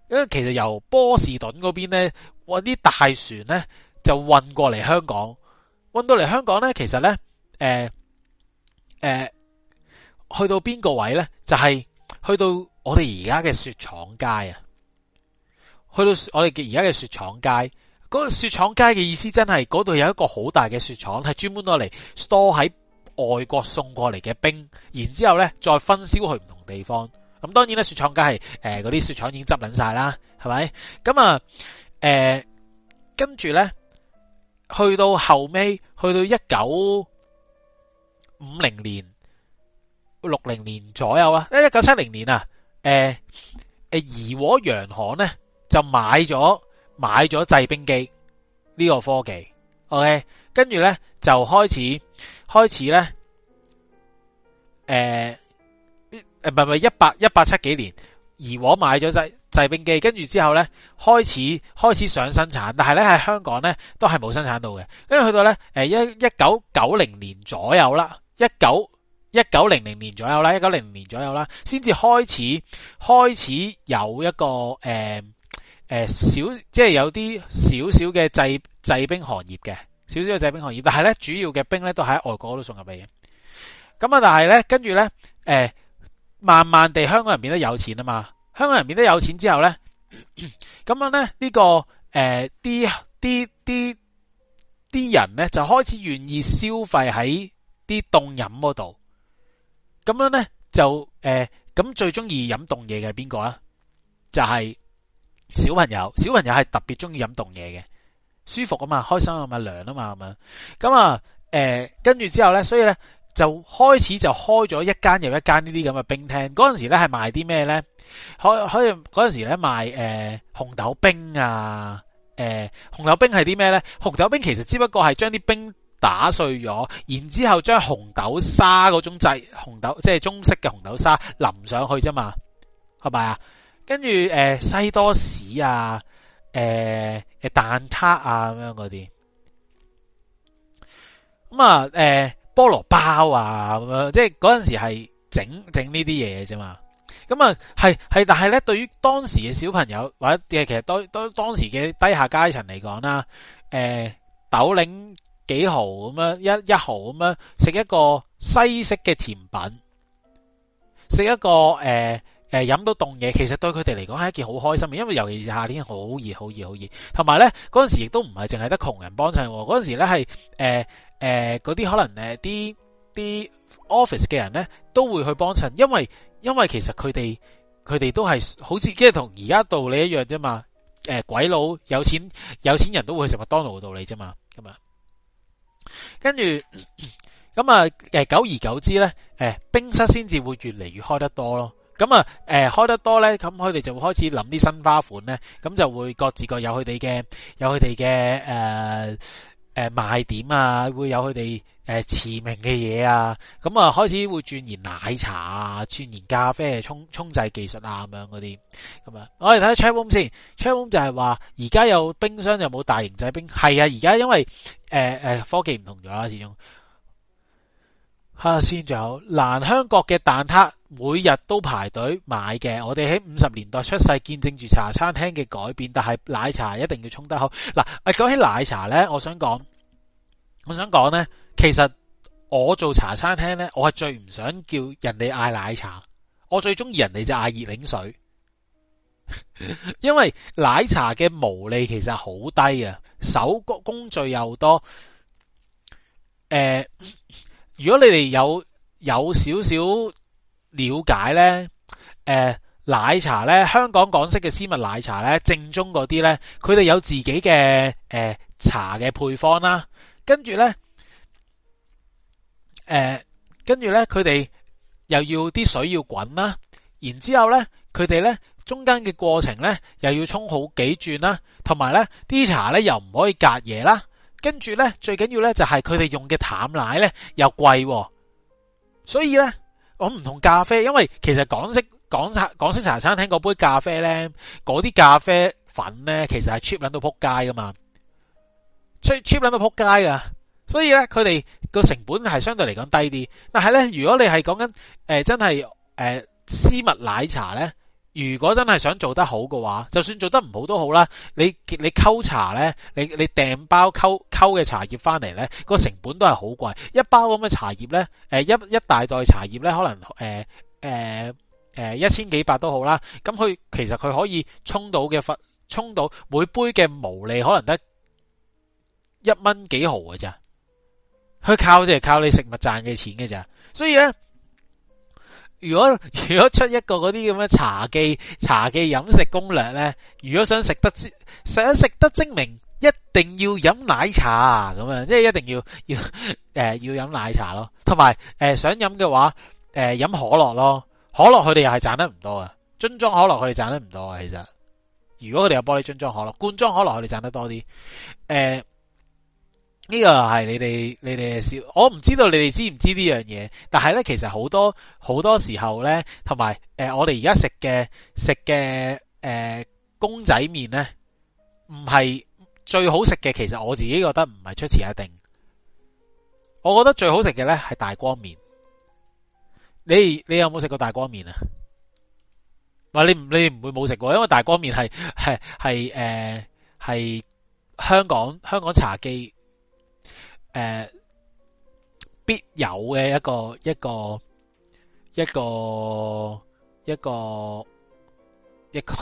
因為其實由波士頓嗰邊咧，揾啲大船咧就運過嚟香港，運到嚟香港咧，其實咧，誒誒，去到邊個位咧，就係。去到我哋而家嘅雪廠街啊，去到我哋嘅而家嘅雪廠街，嗰、嗰個雪廠街嘅意思真係嗰度有一個好大嘅雪廠，係專門攞嚟 store 喺外國送過嚟嘅冰，然之後咧再分銷去唔同地方。咁當然啦，嗰啲雪廠街係誒嗰啲雪廠已經執笠晒啦，係咪？咁啊誒，跟住咧去到後尾，去到一九五零年，六零年左右啊，一九七零年啊，誒誒，怡和洋行咧就買咗買咗製冰機呢個科技，ok，跟住咧就開始開始咧，誒誒，唔係唔係，一八一八七幾年，怡和買咗製製冰機，跟住之後咧開始開始想生產，但係咧喺香港咧都係冇生產到嘅，因為去到咧誒一一九九零年左右啦，一九。一九零零年左右啦，一九零零年左右啦，先至開始開始有一個誒誒少，即係有啲少少嘅製製冰行業嘅，少少嘅製冰行業，但係咧主要嘅冰咧都喺外國嗰度送入嚟嘅。咁啊，但係咧跟住咧，誒、呃，慢慢地香港人變得有錢啊嘛，香港人變得有錢之後咧，咁樣咧呢、這個誒啲啲啲啲人咧就開始願意消費喺啲凍飲嗰度。咁樣咧就誒，咁最中意飲凍嘢嘅係邊個啊？就係、呃就是、小朋友，小朋友係特別中意飲凍嘢嘅，舒服啊嘛，開心啊嘛，涼啊嘛咁樣、啊。咁啊誒，跟住之後咧，所以咧就開始就開咗一間又一間呢啲咁嘅冰廳。嗰陣時咧係賣啲咩咧？可以可以嗰陣時咧賣誒、呃、紅豆冰啊，誒、呃、紅豆冰係啲咩咧？紅豆冰其實只不過係將啲冰。打碎咗，然之後將紅豆沙嗰種劑紅豆，即係中式嘅紅豆沙淋上去啫嘛，係咪啊？跟住誒西多士啊，誒、呃、嘅蛋撻啊咁樣嗰啲，咁啊誒菠蘿包啊咁樣，嗯，即係嗰陣時係整整呢啲嘢啫嘛。咁啊係係，但係咧對於當時嘅小朋友或者其實當時當時嘅低下階層嚟講啦，誒、呃、豆領。幾毫咁樣，一一毫咁樣食一個西式嘅甜品，食一個誒誒飲到凍嘢，其實對佢哋嚟講係一件好開心嘅，因為尤其是夏天好熱，好熱，好熱，同埋呢，嗰陣時亦都唔係淨係得窮人幫襯，嗰陣時呢係誒誒嗰啲可能誒啲啲 office 嘅人呢，都會去幫襯，因為因為其實佢哋佢哋都係好似即係同而家道理一樣啫嘛，誒、呃、鬼佬有錢有錢人都會去食麥當勞嘅道理啫嘛，咁啊。跟住咁啊，誒、嗯嗯，久而久之咧，誒，冰室先至會越嚟越開得多咯。咁、嗯、啊、誒、嗯，開得多咧，咁佢哋就會開始諗啲新花款咧，咁就會各自各有佢哋嘅，有佢哋嘅誒。呃誒、呃，賣點啊，會有佢哋誒馳名嘅嘢啊，咁啊開始會鑽研奶茶啊，鑽研咖啡沖沖製技術啊咁樣嗰啲，咁啊我哋睇下 c h a c o m 先 c h a c o m 就係話而家有冰箱又冇大型製冰，係啊而家因為誒誒、呃呃、科技唔同咗啦，始終。啊、先仲有南香國嘅蛋撻，每日都排隊買嘅。我哋喺五十年代出世，見證住茶餐廳嘅改變。但係奶茶一定要沖得好。嗱、啊，講起奶茶呢，我想講，我想講呢，其實我做茶餐廳呢，我係最唔想叫人哋嗌奶茶，我最中意人哋就嗌熱檸水， 因為奶茶嘅毛利其實好低啊，手工工序又多，誒、呃。如果你哋有有少少了解呢，誒、呃、奶茶呢，香港港式嘅絲襪奶茶呢，正宗嗰啲呢，佢哋有自己嘅誒、呃、茶嘅配方啦，跟住呢，誒、呃、跟住呢，佢哋又要啲水要滾啦，然之後呢，佢哋呢，中間嘅過程呢，又要沖好幾轉啦，同埋呢啲茶呢，又唔可以隔夜啦。跟住咧，最緊要咧就係佢哋用嘅淡奶咧又貴，所以咧我唔同咖啡，因為其實港式港茶港式茶餐廳嗰杯咖啡咧，嗰啲咖啡粉咧其實係 cheap 捻到仆街噶嘛，最 cheap 捻到仆街噶，所以咧佢哋個成本係相對嚟講低啲。但係咧，如果你係講緊誒真係誒絲襪奶茶咧。如果真係想做得好嘅話，就算做得唔好都好啦。你你溝茶呢，你你，你訂包溝溝嘅茶葉翻嚟呢，個成本都係好貴。一包咁嘅茶葉呢，誒一一大袋茶葉呢，可能誒誒、呃呃呃、一千幾百都好啦。咁佢其實佢可以沖到嘅份，沖到每杯嘅毛利可能得一蚊幾毫嘅咋。佢靠就係靠你食物賺嘅錢嘅咋，所以呢。如果如果出一個嗰啲咁嘅茶記茶記飲食攻略呢，如果想食得精想食得精明，一定要飲奶茶咁樣，即係一定要要誒、呃、要飲奶茶咯，同埋誒想飲嘅話，誒、呃、飲可樂咯，可樂佢哋又係賺得唔多啊，樽裝可樂佢哋賺得唔多啊，其實如果佢哋有玻璃樽裝可樂，罐裝可樂佢哋賺得多啲誒。呃呢個係你哋你哋笑。我唔知道你哋知唔知呢樣嘢，但係呢，其實好多好多時候呢，同埋誒，我哋而家食嘅食嘅誒公仔麵呢，唔係最好食嘅。其實我自己覺得唔係出前一丁，我覺得最好食嘅呢係大光麵。你你有冇食過大光麵啊？唔你你唔會冇食過，因為大光麵係係係誒係香港香港茶記。誒、呃，必有嘅一個一個一個一個一個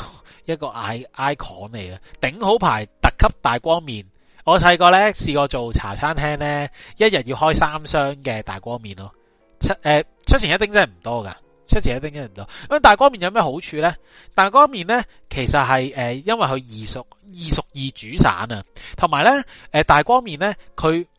一個 icon 嚟嘅，頂好牌特級大光麵。我細個咧試過做茶餐廳咧，一日要開三箱嘅大光麵咯。出誒出前一丁真係唔多噶，出前一丁真係唔多的。咁大光麵有咩好處咧？大光麵咧其實係誒、呃，因為佢易熟易熟易煮散啊，還有呢，同埋咧誒大光麵咧佢。它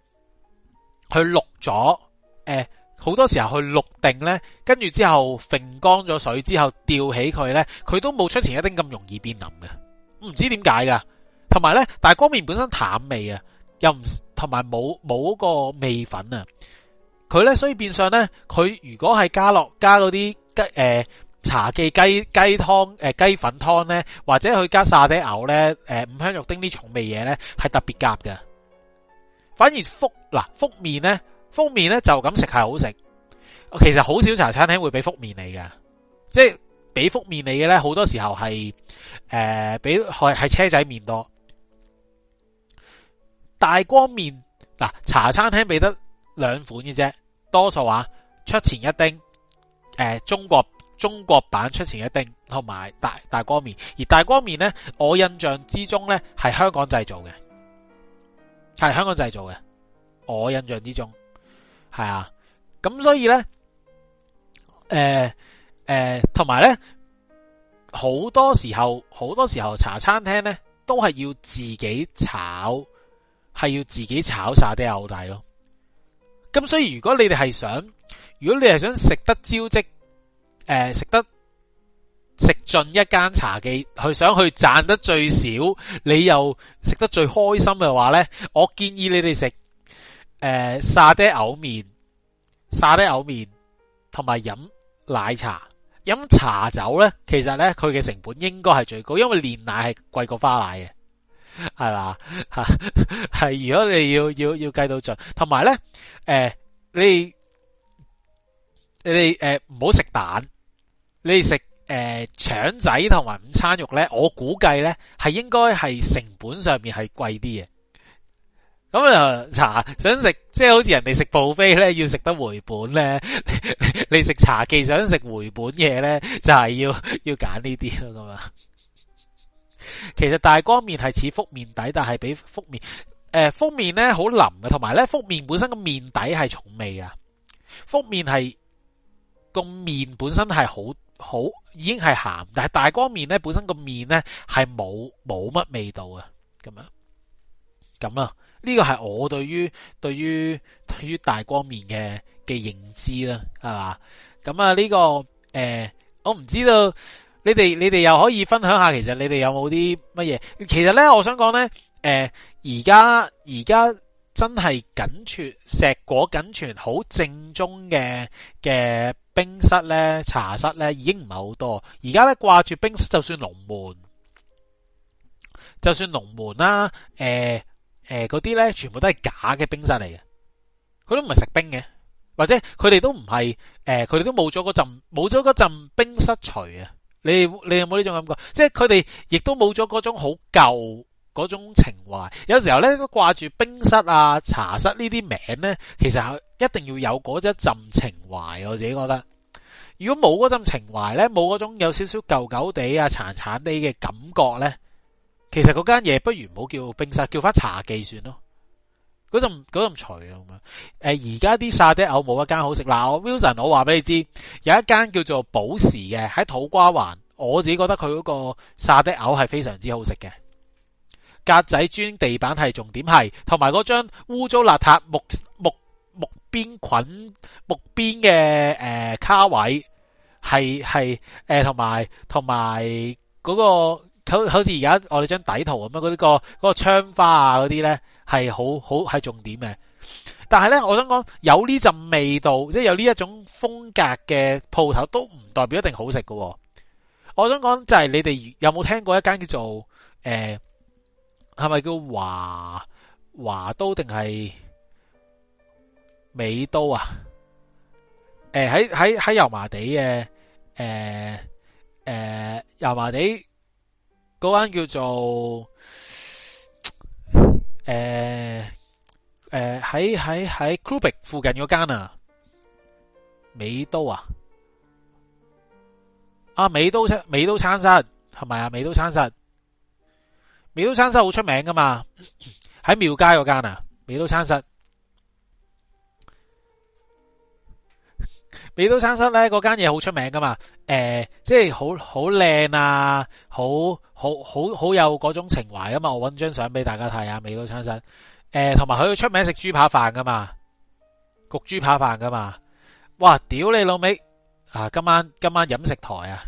佢渌咗，誒、呃、好多時候佢渌定呢。跟住之後揈乾咗水之後吊起佢呢，佢都冇出前一丁咁容易變腍嘅，唔知點解噶。同埋呢，但係光麵本身淡味啊，又唔同埋冇冇個味粉啊，佢呢，所以變相呢，佢如果係加落加嗰啲雞、呃、茶記雞雞湯、呃、雞粉湯呢，或者佢加沙嗲牛呢、呃、五香肉丁呢重味嘢呢，係特別夾嘅。反而福嗱福麵咧，福麵咧就咁食係好食。其實好少茶餐廳會俾福麵你嘅，即係俾福麵你嘅咧，好多時候係誒俾係係車仔麵多，大光麵嗱茶餐廳俾得兩款嘅啫，多數話，出前一丁，誒、呃、中國中國版出前一丁，同埋大大光麵，而大光麵咧，我印象之中咧係香港製造嘅。係香港製造嘅，我印象之中係啊，咁所以咧，誒、呃、誒，同埋咧，好多時候好多時候茶餐廳咧，都係要自己炒，係要自己炒晒啲牛大咯。咁所以如果你哋係想，如果你係想食得招積，誒、呃、食得。食盡一間茶記，去想去賺得最少，你又食得最開心嘅話呢，我建議你哋食誒沙爹牛麵、沙爹牛麵同埋飲奶茶、飲茶走呢，其實呢，佢嘅成本應該係最高，因為煉奶係貴過花奶嘅，係嘛？係， 如果你要要要計到盡，同埋呢，誒、呃、你你哋誒唔好食蛋，你食。誒、呃，腸仔同埋午餐肉呢，我估計呢係應該係成本上面係貴啲嘅。咁、嗯、啊，茶想食，即係好似人哋食 buffet 呢，要食得回本呢； 你食茶記想食回本嘢呢，就係、是、要要揀呢啲咯。咁、嗯、啊，其實大光麵係似覆麵底，但係比覆麵誒、呃、覆麵呢好淋嘅，同埋呢覆麵本身個麵底係重味啊。覆麵係個麵本身係好。好已經係鹹，但係大光麵咧本身個麵咧係冇冇乜味道啊，咁啊，咁啊，呢個係我對於對於對於大光麵嘅嘅認知啦，係嘛？咁啊呢個誒，我唔知道你哋你哋又可以分享下，其實你哋有冇啲乜嘢？其實咧，我想講咧，誒，而家而家。真係僅存石果，僅存好正宗嘅嘅冰室咧，茶室咧已經唔係好多。而家咧掛住冰室，就算龍門，就算龍門啦，啊，誒嗰啲咧，全部都係假嘅冰室嚟嘅，佢都唔係食冰嘅，或者佢哋都唔係誒，佢、呃、哋都冇咗嗰陣冇咗嗰陣冰室除。啊！你你有冇呢種感覺？即係佢哋亦都冇咗嗰種好舊。嗰種情懷，有時候咧都掛住冰室啊、茶室呢啲名咧，其實一定要有嗰一陣情懷、啊。我自己覺得，如果冇嗰陣情懷咧，冇嗰種有少少舊舊地啊、殘殘地嘅感覺咧，其實嗰間嘢不如唔好叫冰室，叫翻茶記算咯。嗰陣嗰陣除咁啊。誒，而家啲沙爹牛冇一間好食嗱，我 Wilson，我話俾你知有一間叫做寶時嘅喺土瓜灣，我自己覺得佢嗰個沙爹牛係非常之好食嘅。格仔磚地板係重點係，同埋嗰張污糟邋遢木木木邊菌木邊嘅誒卡位係係誒，同埋同埋嗰個好好似而家我哋張底圖咁樣嗰啲、嗰個、嗰個窗花啊嗰啲咧係好好係重點嘅。但係咧，我想講有呢陣味道，即係有呢一種風格嘅鋪頭都唔代表一定好食噶。我想講就係你哋有冇聽過一間叫做誒？呃係咪叫華華都定係美都啊？誒、呃，喺喺喺油麻地嘅，誒、呃、誒、呃呃，油麻地嗰間叫做誒誒，喺、呃、喺喺、呃、Kubrick 附近嗰間啊，美都啊，啊美都餐美都餐室，係咪啊？美都餐室。美都餐室好出名噶嘛？喺廟街嗰間啊，美都餐室美都餐室咧，嗰間嘢好出名噶嘛？誒，即係好好靚啊，好好好好有嗰種情懷㗎嘛？我搵張相俾大家睇下。美都餐室誒，同埋佢出名食豬扒飯噶嘛？焗豬扒飯噶嘛？哇！屌你老味！啊！今晚今晚飲食台啊，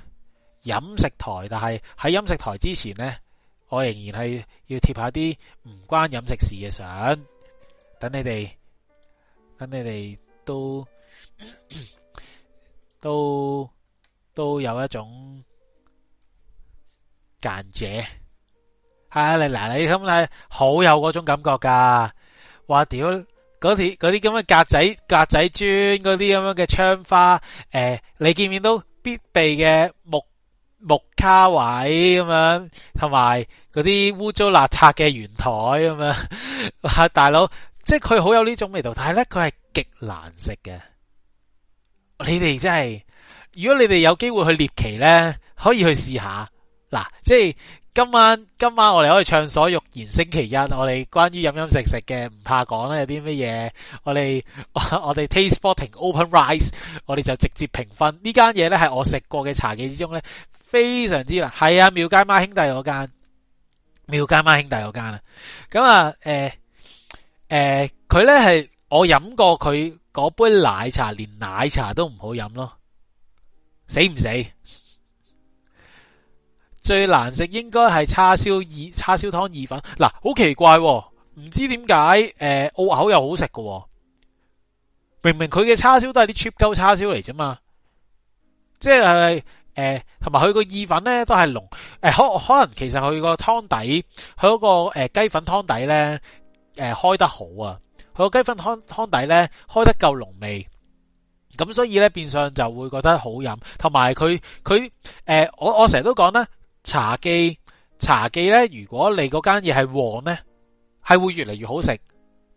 飲食台，但係喺飲食台之前咧。我仍然係要貼下啲唔關飲食事嘅相，等你哋，等你哋都 都都有一種間者，係啊，你嗱，你咁係好有嗰種感覺噶。話屌嗰啲咁嘅格仔格仔磚，嗰啲咁樣嘅窗花，誒、呃，你見面都必備嘅木木卡位咁樣，同埋嗰啲污糟邋遢嘅圓台咁樣，吓 大佬，即係佢好有呢種味道，但係咧佢係極難食嘅。你哋真係，如果你哋有機會去獵奇咧，可以去試下嗱，即係。今晚今晚我哋可以暢所欲言。星期一我哋關於飲飲食食嘅唔怕講啦，有啲咩嘢？我哋我哋 Taste Spotting Open Rice，我哋就直接評分呢間嘢咧，係我食過嘅茶記之中咧，非常之難。係啊，廟街媽兄弟嗰間，廟街媽兄弟嗰間啊。咁、欸、啊，誒、欸、誒，佢咧係我飲過佢嗰杯奶茶，連奶茶都唔好飲咯，死唔死？最難食應該係叉燒意叉燒湯意粉，嗱、啊、好奇怪，哦，唔知點解誒澳牛又好食嘅，哦，明明佢嘅叉燒都係啲 cheap 鳩叉燒嚟啫嘛，即係誒同埋佢個意粉咧都係濃誒、呃、可可能其實佢個湯底佢嗰，嗰個誒、呃、雞粉湯底咧誒、呃、開得好啊，佢個雞粉湯湯底咧開得夠濃味，咁所以咧變相就會覺得好飲，同埋佢佢誒我我成日都講咧。茶記，茶記呢，如果你嗰間嘢係旺呢，係會越嚟越好食；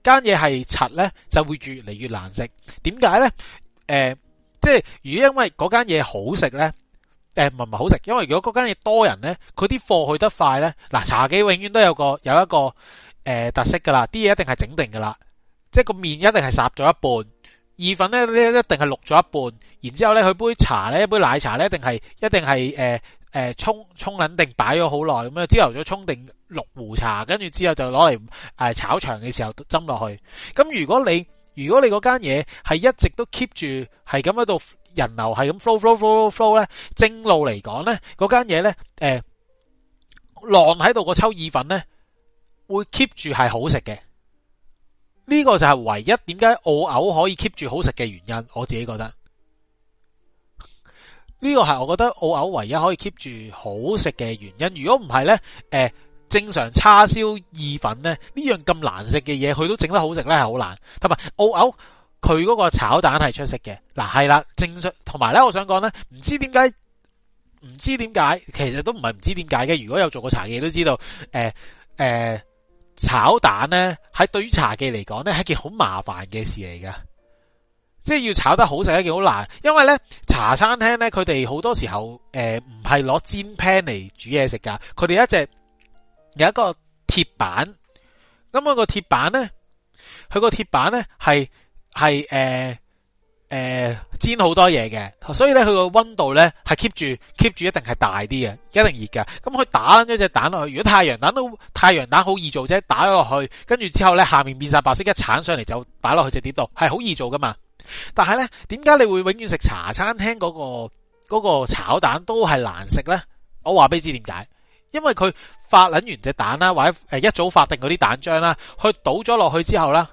間嘢係柒呢，就會越嚟越難食。點解呢？誒、呃，即係如果因為嗰間嘢好食呢，誒唔係好食，因為如果嗰間嘢多人呢，佢啲貨去得快呢，嗱，茶記永遠都有個有一個誒、呃、特色噶啦，啲嘢一定係整定噶啦，即係個麵一定係烚咗一半，意粉呢一定係渌咗一半，然之後呢佢杯茶呢，一杯奶茶呢，一定係一定係誒。呃誒，沖沖肯定擺咗好耐咁樣，朝頭早沖定六壺茶，跟住之後就攞嚟誒炒場嘅時候斟落去。咁如果你如果你嗰間嘢係一直都 keep 住係咁喺度人流係咁 flow flow flow flow 咧，正路嚟講咧，嗰間嘢咧誒，晾喺度個抽意粉咧會 keep 住係好食嘅。呢個就係唯一點解澳牛可以 keep 住好食嘅原因，我自己覺得。呢個係我覺得澳牛唯一可以 keep 住好食嘅原因。如果唔係呢，誒、呃，正常叉燒意粉呢，呢樣咁難食嘅嘢，佢都整得好食呢，係好難。同埋澳牛佢嗰個炒蛋係出色嘅。嗱係啦，正常同埋呢，我想講呢，唔知點解，唔知點解，其實都唔係唔知點解嘅。如果有做過茶記都知道，誒、呃、誒、呃、炒蛋呢，喺對於茶記嚟講呢，係件好麻煩嘅事嚟㗎。即係要炒得好食一件好難，因為咧茶餐廳咧佢哋好多時候誒唔係攞煎 pan 嚟煮嘢食噶，佢哋一只有一個鐵板，咁、嗯、佢、個鐵板咧，佢個鐵板咧係係誒誒煎好多嘢嘅，所以咧佢個温度咧係 keep 住 keep 住一定係大啲嘅，一定熱嘅。咁、嗯、佢打咗隻蛋落去，如果太陽蛋都太陽蛋好易做啫，打落去跟住之後咧下面變晒白色，一鏟上嚟就擺落去隻碟度，係好易做噶嘛。但係咧，點解你會永遠食茶餐廳嗰個嗰個炒蛋都係難食咧？我話俾你知點解，因為佢發捻完隻蛋啦，或者誒一早發定嗰啲蛋漿啦，佢倒咗落去之後啦，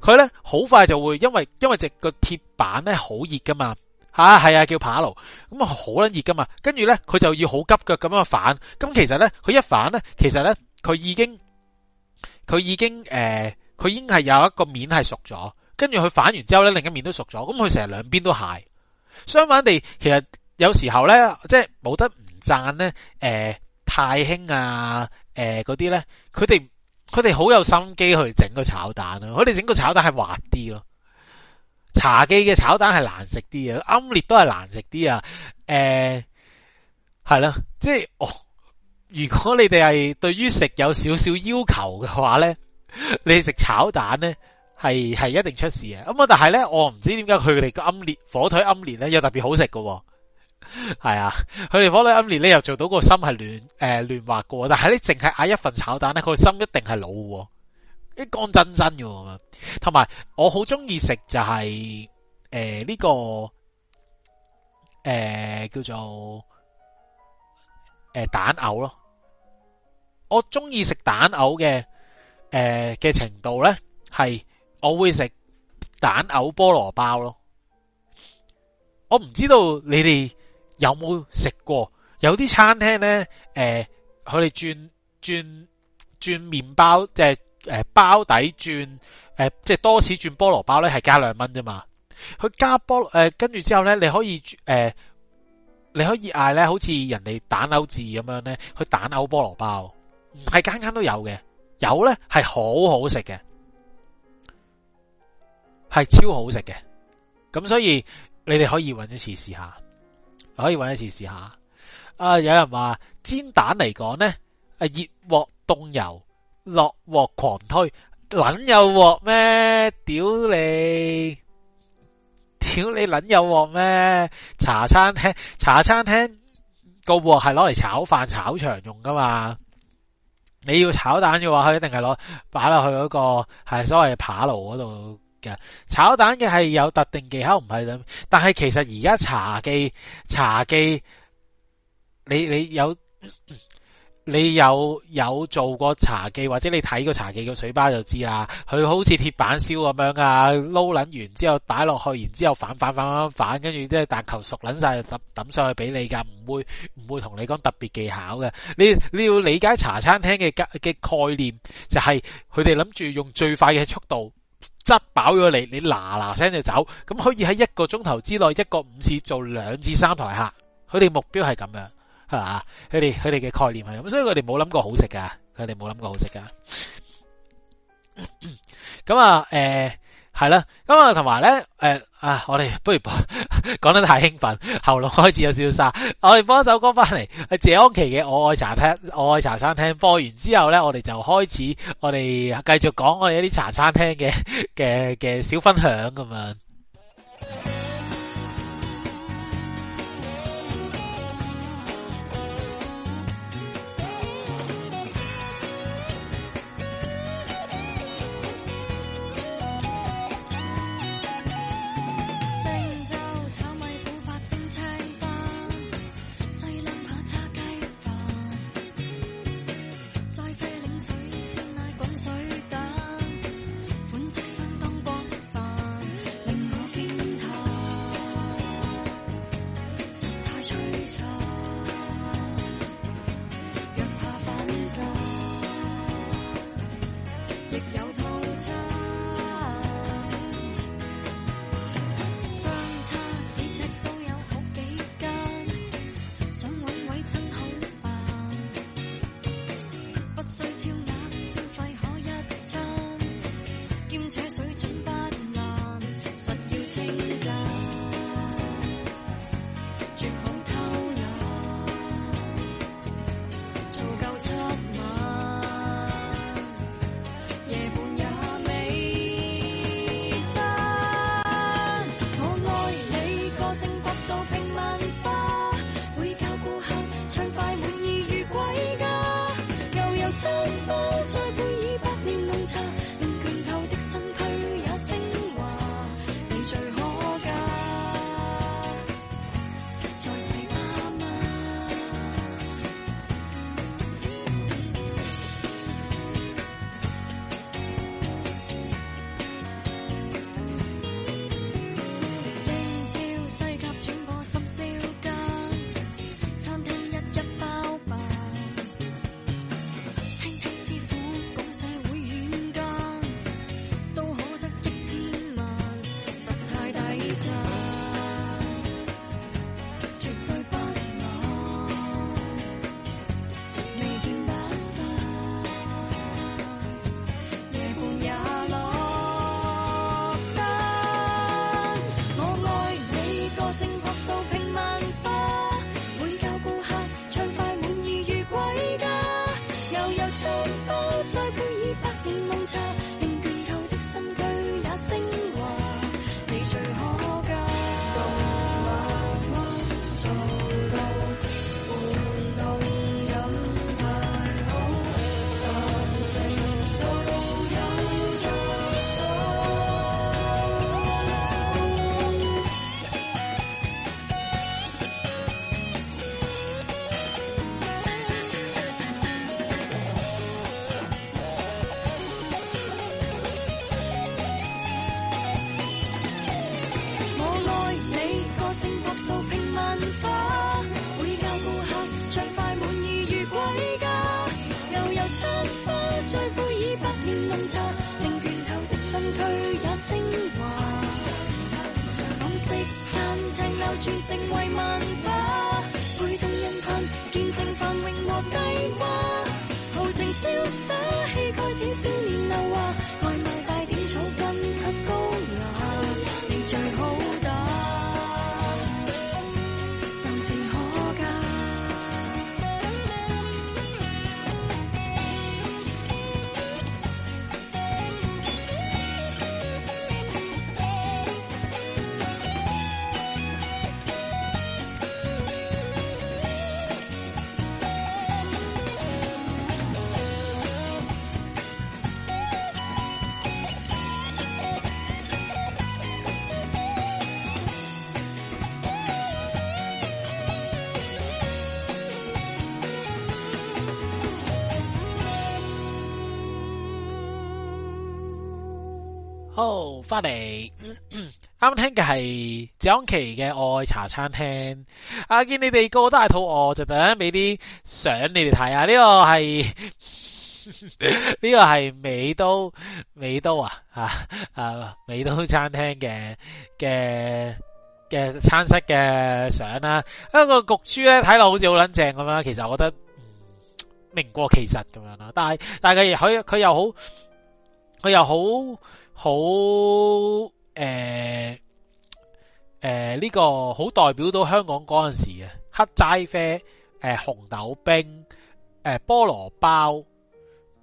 佢咧好快就會因為因為只個鐵板咧好熱噶嘛，吓係啊，啊叫扒爐咁啊好捻熱噶嘛，跟住咧佢就要好急腳咁樣反，咁其實咧佢一反咧，其實咧佢已經佢已經誒，佢、呃、已經係有一個面係熟咗。跟住佢反完之後呢，另一面都熟咗，咁佢成日兩邊都蟹，相反地，其實有時候呢，即係冇得唔讚呢。呃、太興啊，嗰、呃、啲呢，佢哋佢哋好有心機去整個炒蛋，佢哋整個炒蛋係滑啲咯，茶記嘅炒蛋係難食啲嘅，奄列都係難食啲啊，誒、呃，係啦，即係哦，如果你哋係對於食有少少要求嘅話呢，你食炒蛋呢。係係一定出事嘅，咁啊！但係咧，我唔知點解佢哋個奄列火腿奄列咧又特別好食嘅，係啊！佢哋火腿奄列咧又做到個心係嫩誒嫩滑嘅，但係你淨係嗌一份炒蛋咧，佢個心一定係老嘅，啲乾真真嘅，同埋我好中意食就係誒呢個誒、呃、叫做誒、呃、蛋藕咯，我中意食蛋藕嘅誒嘅程度咧係。是我會食蛋牛菠蘿包咯，我唔知道你哋有冇食過？有啲餐廳咧，誒、呃，佢哋轉轉轉麵包，即係誒包底轉誒、呃，即係多士轉菠蘿包咧，係加兩蚊啫嘛，佢加菠誒，跟、呃、住之後咧，你可以誒、呃，你可以嗌咧，好似人哋蛋牛治咁樣咧，佢蛋牛菠蘿包，唔係間間都有嘅，有咧係好好食嘅。係超好食嘅，咁所以你哋可以搵一次試下，可以搵一次試下。啊，有人話煎蛋嚟講咧，啊熱鑊凍油落鑊狂推，撚有鑊咩？屌你，屌你，撚有鑊咩？茶餐廳，茶餐廳個鑊係攞嚟炒飯炒場用噶嘛？你要炒蛋嘅話，佢一定係攞擺落去嗰、那個係所謂嘅扒爐嗰度。炒蛋嘅係有特定技巧，唔係咁。但係其實而家茶記茶記，你你有你有有做過茶記，或者你睇過茶記個水吧就知啦。佢好似鐵板燒咁樣啊，撈捻完之後擺落去，然之後反反反反反，跟住即係蛋球熟捻晒，就抌上去俾你噶。唔會唔會同你講特別技巧嘅。你你要理解茶餐廳嘅嘅概念，就係佢哋諗住用最快嘅速度。執飽咗你，你嗱嗱聲就走，咁可以喺一個鐘頭之內，一個午市做兩至三台客，佢哋目標係咁樣，係嘛？佢哋佢哋嘅概念係咁，所以佢哋冇諗過好食噶，佢哋冇諗過好食噶。咁 啊，誒、欸。係啦，咁啊，同埋咧，誒啊，我哋不如講得太興奮，喉嚨開始有少少沙，我哋播一首歌翻嚟，係謝安琪嘅《我愛茶廳》，我愛茶餐廳。播完之後咧，我哋就開始，我哋繼續講我哋一啲茶餐廳嘅嘅嘅小分享咁啊。翻嚟，啱 聽嘅係張琪嘅愛茶餐廳。阿、啊、健，見你哋個個都係肚餓，就等俾啲相你哋睇下。呢、這個係呢、這個係美都美都啊，啊美都餐廳嘅嘅嘅餐室嘅相啦。一、啊那個焗豬咧睇落好似好撚正咁啦，其實我覺得名、嗯、過其實咁樣啦。但係但係佢佢又好佢又好。好誒誒呢個好代表到香港嗰陣時嘅黑齋啡誒、呃、紅豆冰誒、呃、菠蘿包，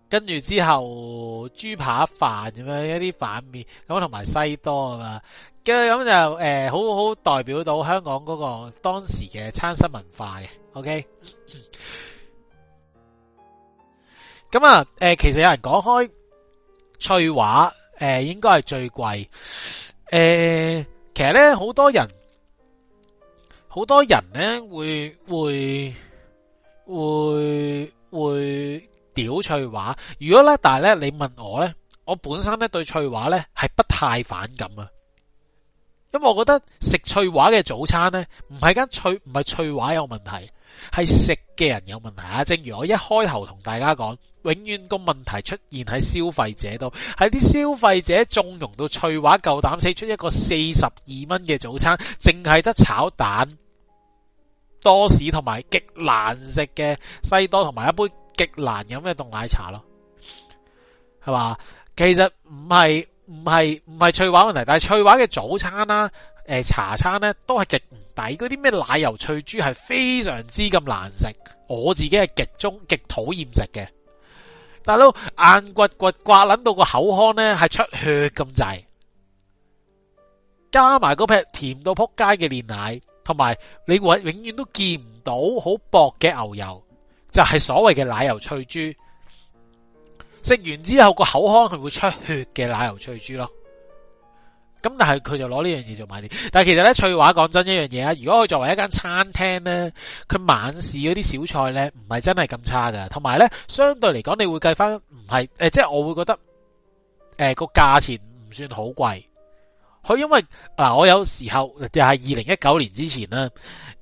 跟住之後豬扒飯咁樣一啲反麵咁，同埋西多啊嘛，跟住咁就誒好好代表到香港嗰，嗰個當時嘅餐室文化嘅，OK？咁啊誒，其實有人講開翠華。誒、呃，應該係最貴。誒、呃，其實咧，好多人，好多人咧，會會會會屌翠華。如果咧，但係咧，你問我咧，我本身咧對翠華咧係不太反感啊。因為我覺得食翠華嘅早餐咧，唔係間翠唔係翠華有問題。係食嘅人有問題啊！正如我一開頭同大家講，永遠個問題出現喺消費者度，係啲消費者縱容到翠華夠膽死出一個四十二蚊嘅早餐，淨係得炒蛋、多士同埋極難食嘅西多，同埋一杯極難飲嘅凍奶茶咯，係嘛？其實唔係唔係唔係翠華問題，但係翠華嘅早餐啦、啊。誒，茶餐呢都係極唔抵，嗰啲咩奶油脆豬係非常之咁難食，我自己係極中極討厭食嘅，大佬硬骨骨刮撚到個口腔呢係出血咁滯，加埋嗰撇甜到撲街嘅煉奶，同埋你永永遠都見唔到好薄嘅牛油，就係所謂嘅奶油脆豬，食完之後個口腔係會出血嘅奶油脆豬咯。咁但係佢就攞呢樣嘢做賣點，但係其實咧翠華講真一樣嘢啊！如果佢作為一間餐廳呢，佢晚市嗰啲小菜呢，唔係真係咁差噶，同埋呢，相對嚟講你會計返唔係，誒，即係我會覺得個個價錢唔算好貴。佢因為嗱、呃、我有時候又係二零一九年之前啦，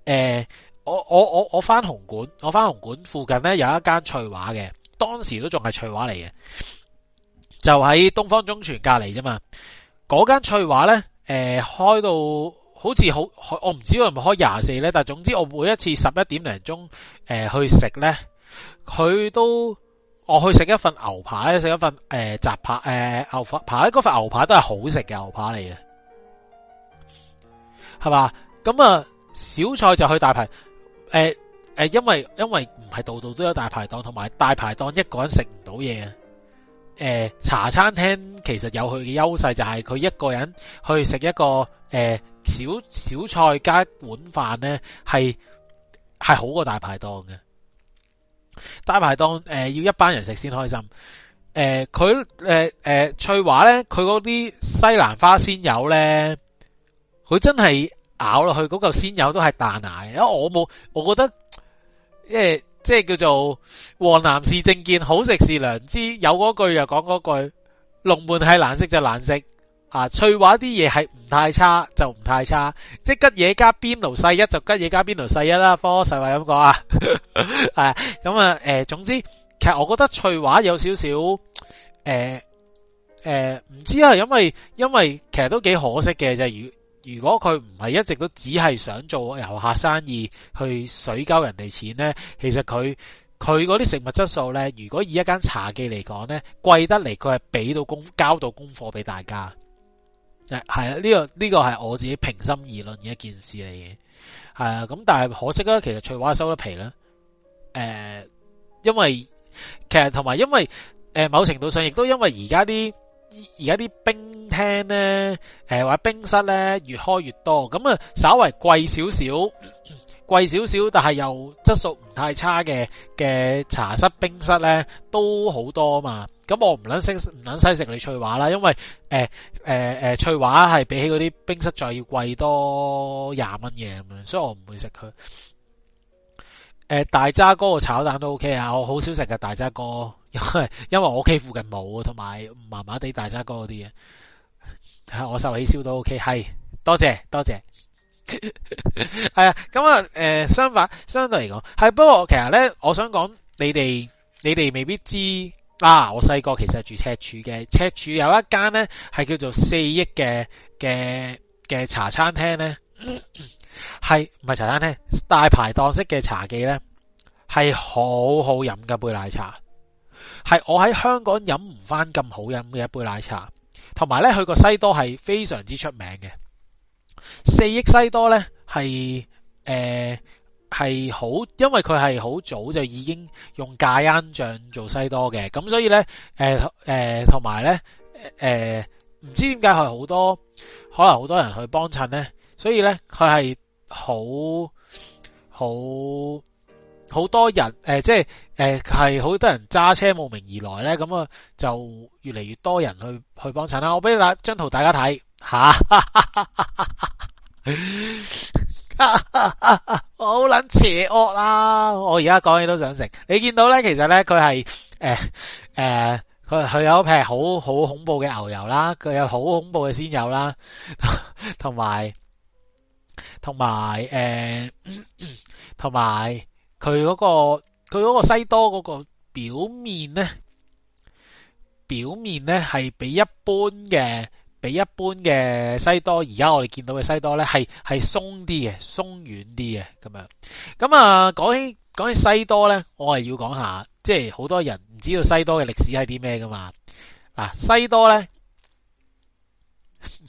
誒我我我我返紅館，我返紅館附近呢，有一間翠華嘅，當時都仲係翠華嚟嘅，就喺東方中傳隔籬啫嘛。嗰間翠華咧，誒、呃、開到好似好，我唔知佢係咪開廿四咧。但係總之我每一次十一點零鐘誒去食咧，佢都我去食一份牛扒，食一份誒、呃、雜扒，誒、呃、牛扒，扒嗰份牛扒都係好食嘅牛扒嚟嘅，係嘛？咁啊小菜就去大排，誒、呃、誒、呃，因為因為唔係度度都有大排檔，同埋大排檔一個人食唔到嘢。誒、呃，茶餐廳其實有佢嘅優勢，就係佢一個人去食一個誒、呃、小小菜加一碗飯呢係係好過大排檔嘅。大排檔誒、呃、要一班人食先開心。誒、呃，佢誒誒翠華呢，佢嗰啲西蘭花鮮油呢，佢真係咬落去嗰嚿鮮油都係彈牙嘅，因為我冇，我覺得因為。呃即係叫做黃藍是政見，好食是良知。有嗰句就講嗰句，龍門係難食就難食啊！翠華啲嘢係唔太差就唔太差，即係吉野加邊爐細一就吉野加邊爐細一啦。科世話咁講啊，係咁啊，誒、嗯，總之其實我覺得翠華有少少，誒、嗯、誒，唔、嗯、知啊，因為因為其實都幾可惜嘅就係如。呃如果佢唔係一直都只係想做遊客生意去水交人哋錢呢？其實佢佢嗰啲食物質素呢，如果以一間茶記嚟講呢，貴得嚟佢係俾到工交到功課俾大家，係啊呢個呢、呢個係我自己平心而論嘅一件事嚟嘅，係啊咁但係可惜啦，其實翠華收得皮啦，誒、呃，因為其實同埋因為誒、呃、某程度上亦都因為而家啲而家啲冰。廳咧，誒，或者冰室咧，越開越多，咁啊，稍為貴少少，貴少少，但係又質素唔太差嘅嘅茶室、冰室咧，都好多啊嘛。咁我唔捻食，唔捻西食你翠華啦，因為誒誒誒，翠華係比起嗰啲冰室再要貴多廿蚊嘢咁樣，所以我唔會食佢。誒、呃，大渣哥嘅炒蛋都 OK 啊，我好少食嘅大渣哥，因為，因為我屋企附近冇啊，同埋麻麻地大渣哥嗰啲嘢。啊、我受起燒都 OK，係多謝多謝，係啊， 咁啊，誒，相反相對嚟講，係不過其實呢，我想講你哋你哋未必知啊，我細個其實住赤柱嘅，赤柱有一間呢，係叫做四億嘅嘅嘅茶餐廳呢，係唔係茶餐廳？大排檔式嘅茶記呢，係好好飲嘅杯奶茶，係我喺香港飲唔翻咁好飲嘅一杯奶茶。同埋咧，佢個西多係非常之出名嘅。四億西多咧，係係好，因為佢係好早就已經用芥藍醬做西多嘅，咁所以咧，同埋咧，唔知點解佢好多可能好多人去幫襯咧，所以咧佢係好好。好多人誒、呃，即係誒，係、呃、好多人揸車慕名而來咧，咁啊，就越嚟越多人去去幫襯啦。我俾你張圖大家睇吓、啊 啊，我好撚邪惡啦！我而家講嘢都想食。你見到咧，其實咧佢係誒誒，佢佢、呃呃、有一批好好恐怖嘅牛油啦，佢有好恐怖嘅鮮油啦，同埋同埋誒，同埋。呃佢嗰個佢嗰個西多嗰個表面咧，表面咧係比一般嘅比一般嘅西多，而家我哋見到嘅西多咧係係鬆啲嘅，鬆軟啲嘅咁樣。咁啊，講起講起西多咧，我係要講下，即係好多人唔知道西多嘅歷史係啲咩噶嘛。嗱，啊，西多咧。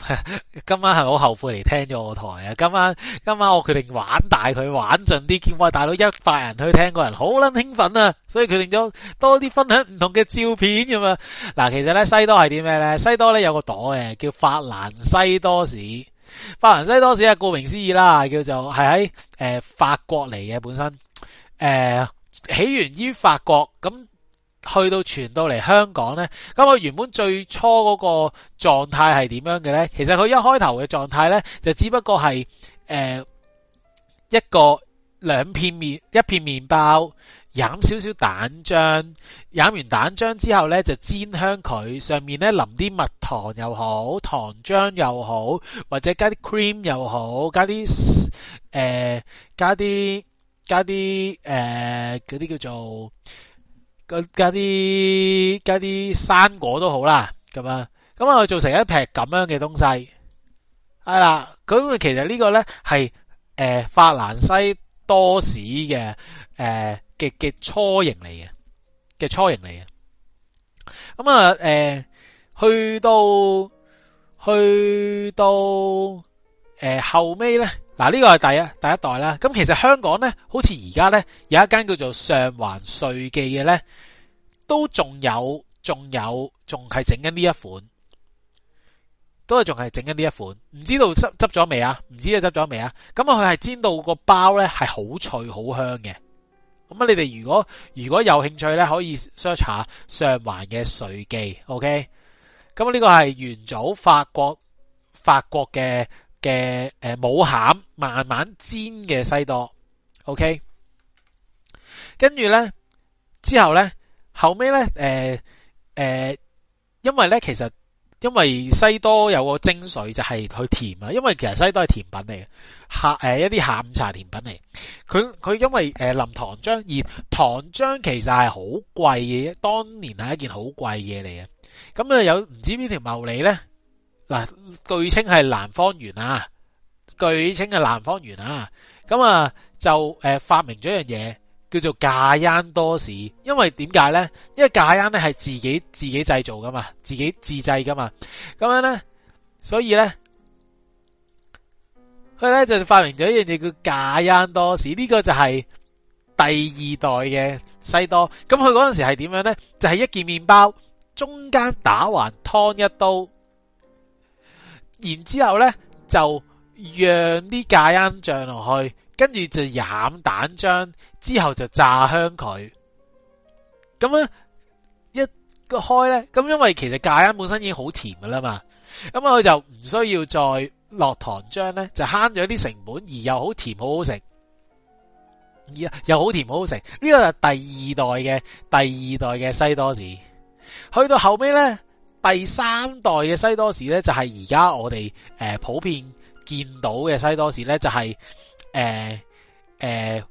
今晚係好後悔嚟聽咗我台啊！今晚今晚我決定玩大佢，玩盡啲，見我大佬一發人去聽，個人好撚興奮啊！所以決定咗多啲分享唔同嘅照片咁啊。嗱，其實咧西多係啲咩咧？西多咧有個朵嘅，叫法蘭西多士。法蘭西多士啊，顧名思義啦，叫做係喺誒法國嚟嘅本身。誒、呃，起源於法國咁。去到傳到嚟香港呢，咁佢原本最初嗰個狀態係點樣嘅呢？其實佢一開頭嘅狀態呢，就只不過係誒、呃、一個兩片麵，一片麵包，飲少少蛋漿，飲完蛋漿之後呢，就煎香佢，上面呢淋啲蜜糖又好，糖漿又好，或者加啲 cream 又好，加啲誒、呃、加啲加啲誒嗰啲叫做。加啲加啲生果都好啦，咁啊，咁啊做成一劈咁樣嘅東西，係啦，咁啊其實呢個咧係誒法蘭西多士嘅誒嘅嘅雛形嚟嘅，嘅雛形嚟嘅，咁啊誒去到去到。去到誒、呃，後尾呢，嗱、這、呢個係第啊第一代啦。咁其實香港呢，好似而家呢，有一間叫做上環瑞記嘅呢，都仲有仲有仲係整緊呢一款，都係仲係整緊呢一款。唔知道執執咗未啊？唔知你執咗未啊？咁啊，佢係煎到個包呢，係好脆好香嘅。咁啊，你哋如果如果有興趣呢，可以 search 下上環嘅瑞記。OK，咁呢個係元祖法國法國嘅。嘅、誒冇餡，慢慢煎嘅西多，OK，跟住咧之後咧後尾咧誒、誒，因為咧，其實因為西多有個精髓就係佢甜啊，因為其實西多係甜品嚟嘅下誒、呃、一啲下午茶甜品嚟，佢佢因為誒、呃、淋糖漿，而糖漿其實係好貴嘅，當年係一件好貴嘢嚟嘅，咁啊有唔知邊條茂利咧？嗱，據稱係南方員啊，據稱係南方員啊，咁啊就誒發明咗一樣嘢叫做加央多士。因為點解咧？因為加央咧係自己自己製造噶嘛，自己自製噶嘛。咁樣咧，所以咧佢咧就發明咗一樣嘢叫加央多士。呢、這個就係第二代嘅西多。咁佢嗰陣時係點樣咧？就係、是、一件麵包中間打橫，劏一刀。然之後咧，就讓啲芥煙醬落去，跟住就染蛋漿，之後就炸香佢。咁樣一個開咧，咁因為其實芥煙本身已經好甜噶啦嘛，咁啊佢就唔需要再落糖漿咧，就慳咗啲成本，而又好甜好好食。而又好甜好好食，呢個係第二代嘅第二代嘅西多士。去到後尾咧。第三代嘅西多士呢，就係而家我哋誒、呃、普遍見到嘅西多士呢，就係誒誒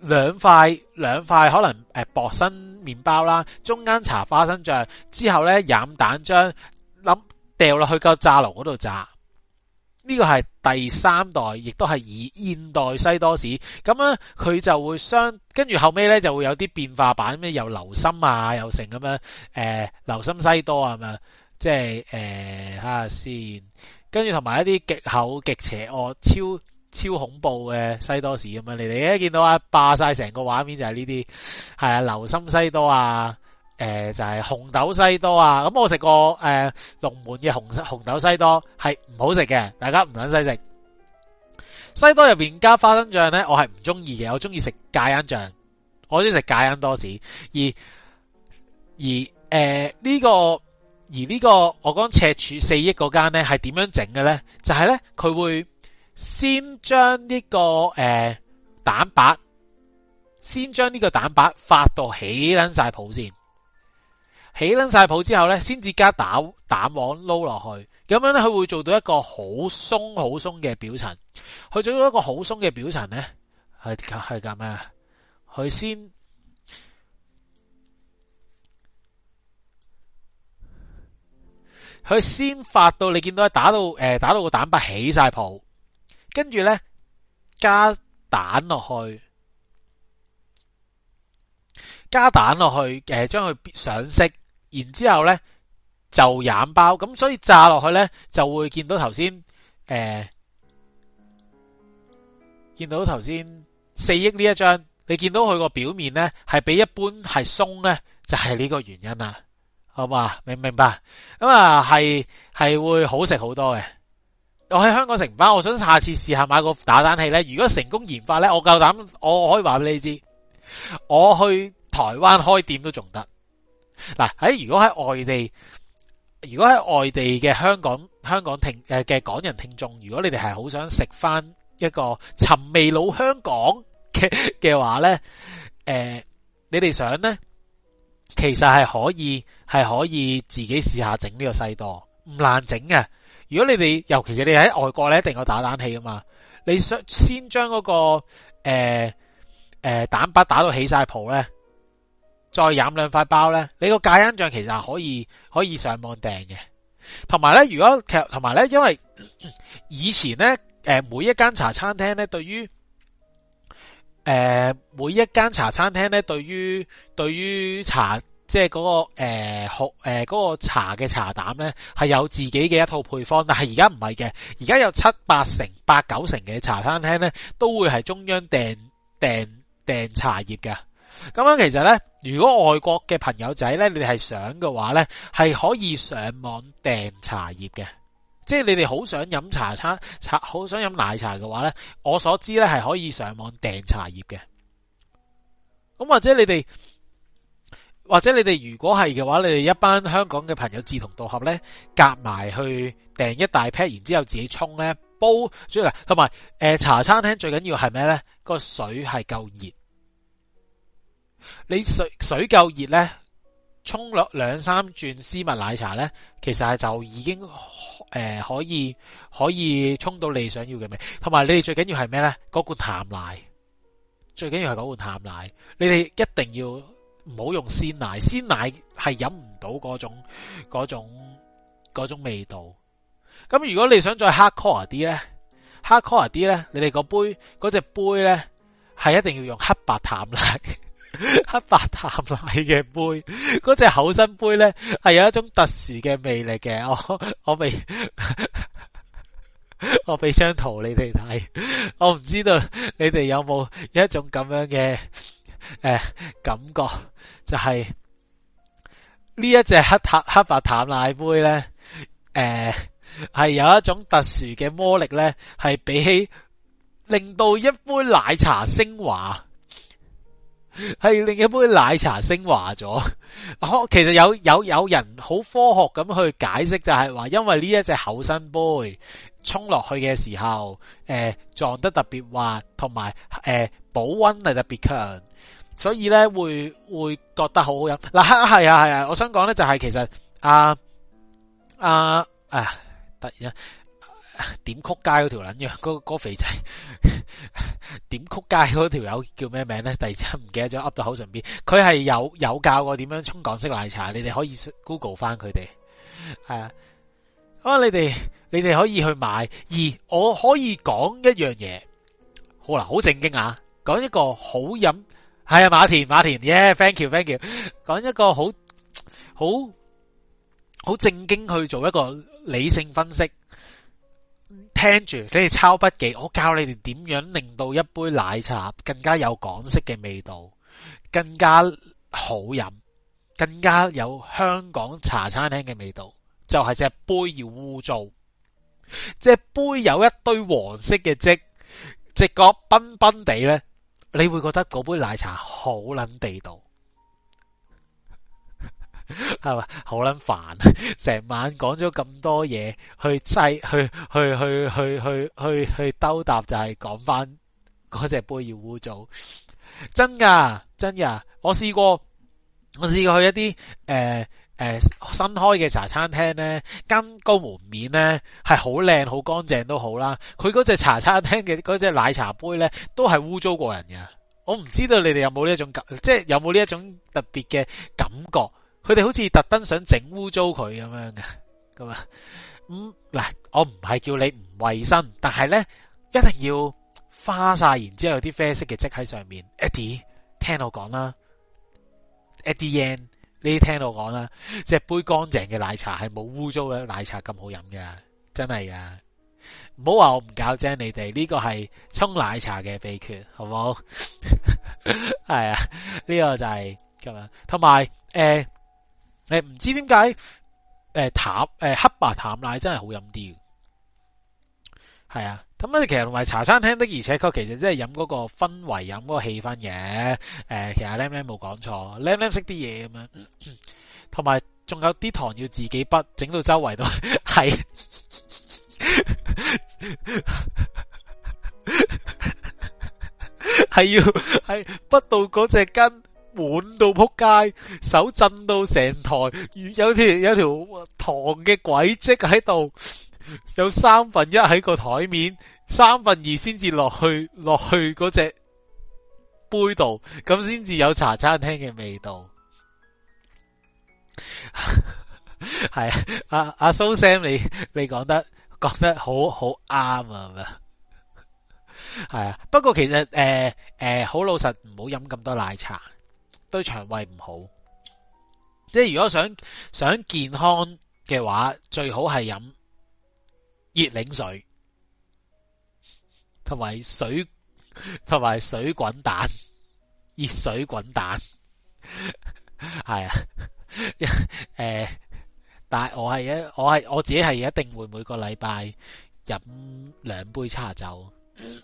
兩塊兩塊可能誒、呃、薄身麵包啦，中間搽花生醬之後呢，飲蛋漿，諗掉落去個炸爐嗰度炸。呢個係第三代，亦都係以現代西多士咁樣啦，佢就會相跟住後尾咧就會有啲變化版咩，又流心啊，又成咁樣誒，流心西多啊，即係誒睇下先，跟住同埋一啲極厚、極邪惡、超超恐怖嘅西多士，咁你哋嚟見到啊，霸曬成個畫面就係呢啲，係啊流心西多啊！就是欸看看誒、呃，就係、是、紅豆西多啊！咁我食過誒龍、呃、門嘅紅紅豆西多係唔好食嘅，大家唔好試食。西多入邊加花生醬咧，我係唔中意嘅，我中意食芥恩醬，我中意食芥恩多士。而而誒呢、呃這個而呢、這個我講赤柱四億嗰間咧係點樣整嘅咧？就係咧佢會先將呢、這個誒、呃、蛋白，先將呢個蛋白發到起捻晒泡先。起撚晒泡之後咧，先至加打蛋，蛋黃撈落去，咁樣咧佢會做到一個好鬆好鬆嘅表層。佢做到一個好鬆嘅表層咧，係係咁啊！佢先佢先發到你見到打到誒，打到個、呃、蛋白起晒泡，跟住咧加蛋落去，加蛋落去，誒將佢上色。然之後呢就染包，咁所以炸落去呢，就會見到頭先，誒、呃、見到頭先四億呢一張，你見到佢個表面呢，係比一般係鬆呢，就係、是、呢個原因啦，好嘛，明唔明白？咁啊係係會好食好多嘅。我喺香港城唔包，我想下次試下買個打蛋器呢。如果成功研發呢，我夠膽我可以話俾你知，我去台灣開店都仲得。嗱，喺如果喺外地，如果喺外地嘅香港香港聽誒嘅、呃、港人聽眾，如果你哋係好想食翻一個尋味老香港嘅嘅話誒、呃，你哋想呢？其實係可以係可以自己試下整呢個西多，唔難整嘅。如果你哋尤其是你喺外國呢，一定有打蛋器噶嘛，你想先將嗰、那個誒誒、呃呃、蛋白打到起晒泡呢？再飲兩塊包呢，你個芥香醬其實可以可以上網訂嘅，同埋呢，如果其同埋呢，因為咳咳以前呢，誒，每一間茶餐廳呢，對於誒、呃、每一間茶餐廳呢，對於對於茶即係嗰個誒好誒嗰個茶嘅茶膽呢，係有自己嘅一套配方，但係而家唔係嘅，而家有七八成八九成嘅茶餐廳呢，都會係中央訂訂訂茶葉嘅。咁樣其實呢，如果外國嘅朋友仔呢，你哋係想嘅話呢，係可以上網訂茶葉嘅，即係你哋好想飲茶餐茶，好想飲奶茶嘅話呢，我所知呢，係可以上網訂茶葉嘅。咁或者你哋，或者你哋如果係嘅話，你哋一班香港嘅朋友志同道合呢，夾埋去訂一大批，然之後自己沖呢煲，主要同埋誒，茶餐廳最緊要係咩呢？個水係夠熱。你水水夠熱呢，沖落兩三轉絲襪奶茶呢，其實係就已經誒可以、呃、可以沖到你想要嘅味。同埋你哋最緊要係咩呢？嗰罐淡奶最緊要係嗰罐淡奶。你哋一定要唔好用鮮奶，鮮奶係飲唔到嗰種嗰種嗰種味道。咁如果你想再黑 core 啲呢，黑 core 啲呢，你哋嗰杯嗰隻杯呢，係一定要用黑白淡奶。黑白淡奶嘅杯，嗰隻厚身杯呢，係有一種特殊嘅魅力嘅。我我俾我俾張圖你哋睇，我唔 知道你哋有冇有一種咁樣嘅誒、呃、感覺，就係、是、呢一隻黑黑白淡奶杯呢，誒、呃、係有一種特殊嘅魔力呢，係比起令到一杯奶茶升華。係另一杯奶茶升華咗，其實有有有人好科學咁去解釋就係話，因為呢一隻厚身杯沖落去嘅時候，誒、呃、撞得特別滑，同埋誒保溫係特別強，所以呢會會覺得好好飲。嗱係啊係啊，啊，啊，我想講呢就係其實啊，啊啊突然間。啊、點曲街嗰條捻樣，嗰、嗰個肥仔呵呵點曲街嗰條友叫咩名咧？突然之間唔記得咗，噏到口上邊。佢係有有教過點樣沖港式奶茶，你哋可以 Google 翻佢哋，係啊。咁你哋你哋可以去買。而我可以講一樣嘢，好啦，好正經啊，講一個好飲，係啊，馬田馬田耶、yeah，thank you thank you，講一個好好好正經去做一個理性分析。聽住，你哋抄筆記，我教你哋點樣令到一杯奶茶更加有港式嘅味道，更加好飲，更加有香港茶餐廳嘅味道。就係隻杯要污糟，隻杯有一堆黃色嘅漬，直覺，崩崩地咧，你會覺得嗰杯奶茶好捻地道。係咪好撚煩？成晚講咗咁多嘢，去砌去去去去去去去兜答，就係講翻嗰隻杯要污糟。真噶真噶，我試過我試過去一啲誒誒新開嘅茶餐廳呢，間個門面呢，係好靚好乾淨都好啦。佢嗰隻茶餐廳嘅嗰隻奶茶杯呢，都係污糟過人嘅。我唔知道你哋有冇呢一種感，即係有冇呢一種特別嘅感覺。佢哋好似特登想整污糟佢咁樣嘅咁啊。咁嗱、嗯，我唔係叫你唔衛生，但係咧一定要花晒，然之後有啲啡色嘅漬喺上面。Eddie 聽我講啦 Eddie Yan 你聽我講啦，即係杯乾淨嘅奶茶係冇污糟嘅奶茶咁好飲嘅，真係噶。唔好話我唔教精你哋呢、呢個係沖奶茶嘅秘訣，好唔好？係 啊，呢、呢個就係咁樣。同埋誒。呃誒，唔知點解，誒淡，誒、呃、黑白淡奶真係好飲啲，係啊。咁其實同埋茶餐廳的，而且確其實真係飲嗰個氛圍，飲嗰個氣氛嘅。誒，其實靚靚冇講錯，靚靚識啲嘢咁樣，同埋仲有啲糖要自己滗，整到周圍都係，係 要係滗到嗰隻根。滿到扑街，手震到成台，有條有條糖嘅軌跡喺度，有三分一喺個台面，三分二先至落去落去嗰隻杯度，咁先至有茶餐廳嘅味道。係 啊，阿阿蘇 sam，你你講得講得好好啱啊，係啊，啊。不過其實誒誒，好、呃呃、老實，唔好飲咁多奶茶。對腸胃唔好，即係如果想想健康嘅話，最好係飲熱檸水，同埋水同埋水滾蛋，熱水滾蛋係 啊，誒、欸，但係我係一我係我自己係一定會每個禮拜飲兩杯茶酒，嗯、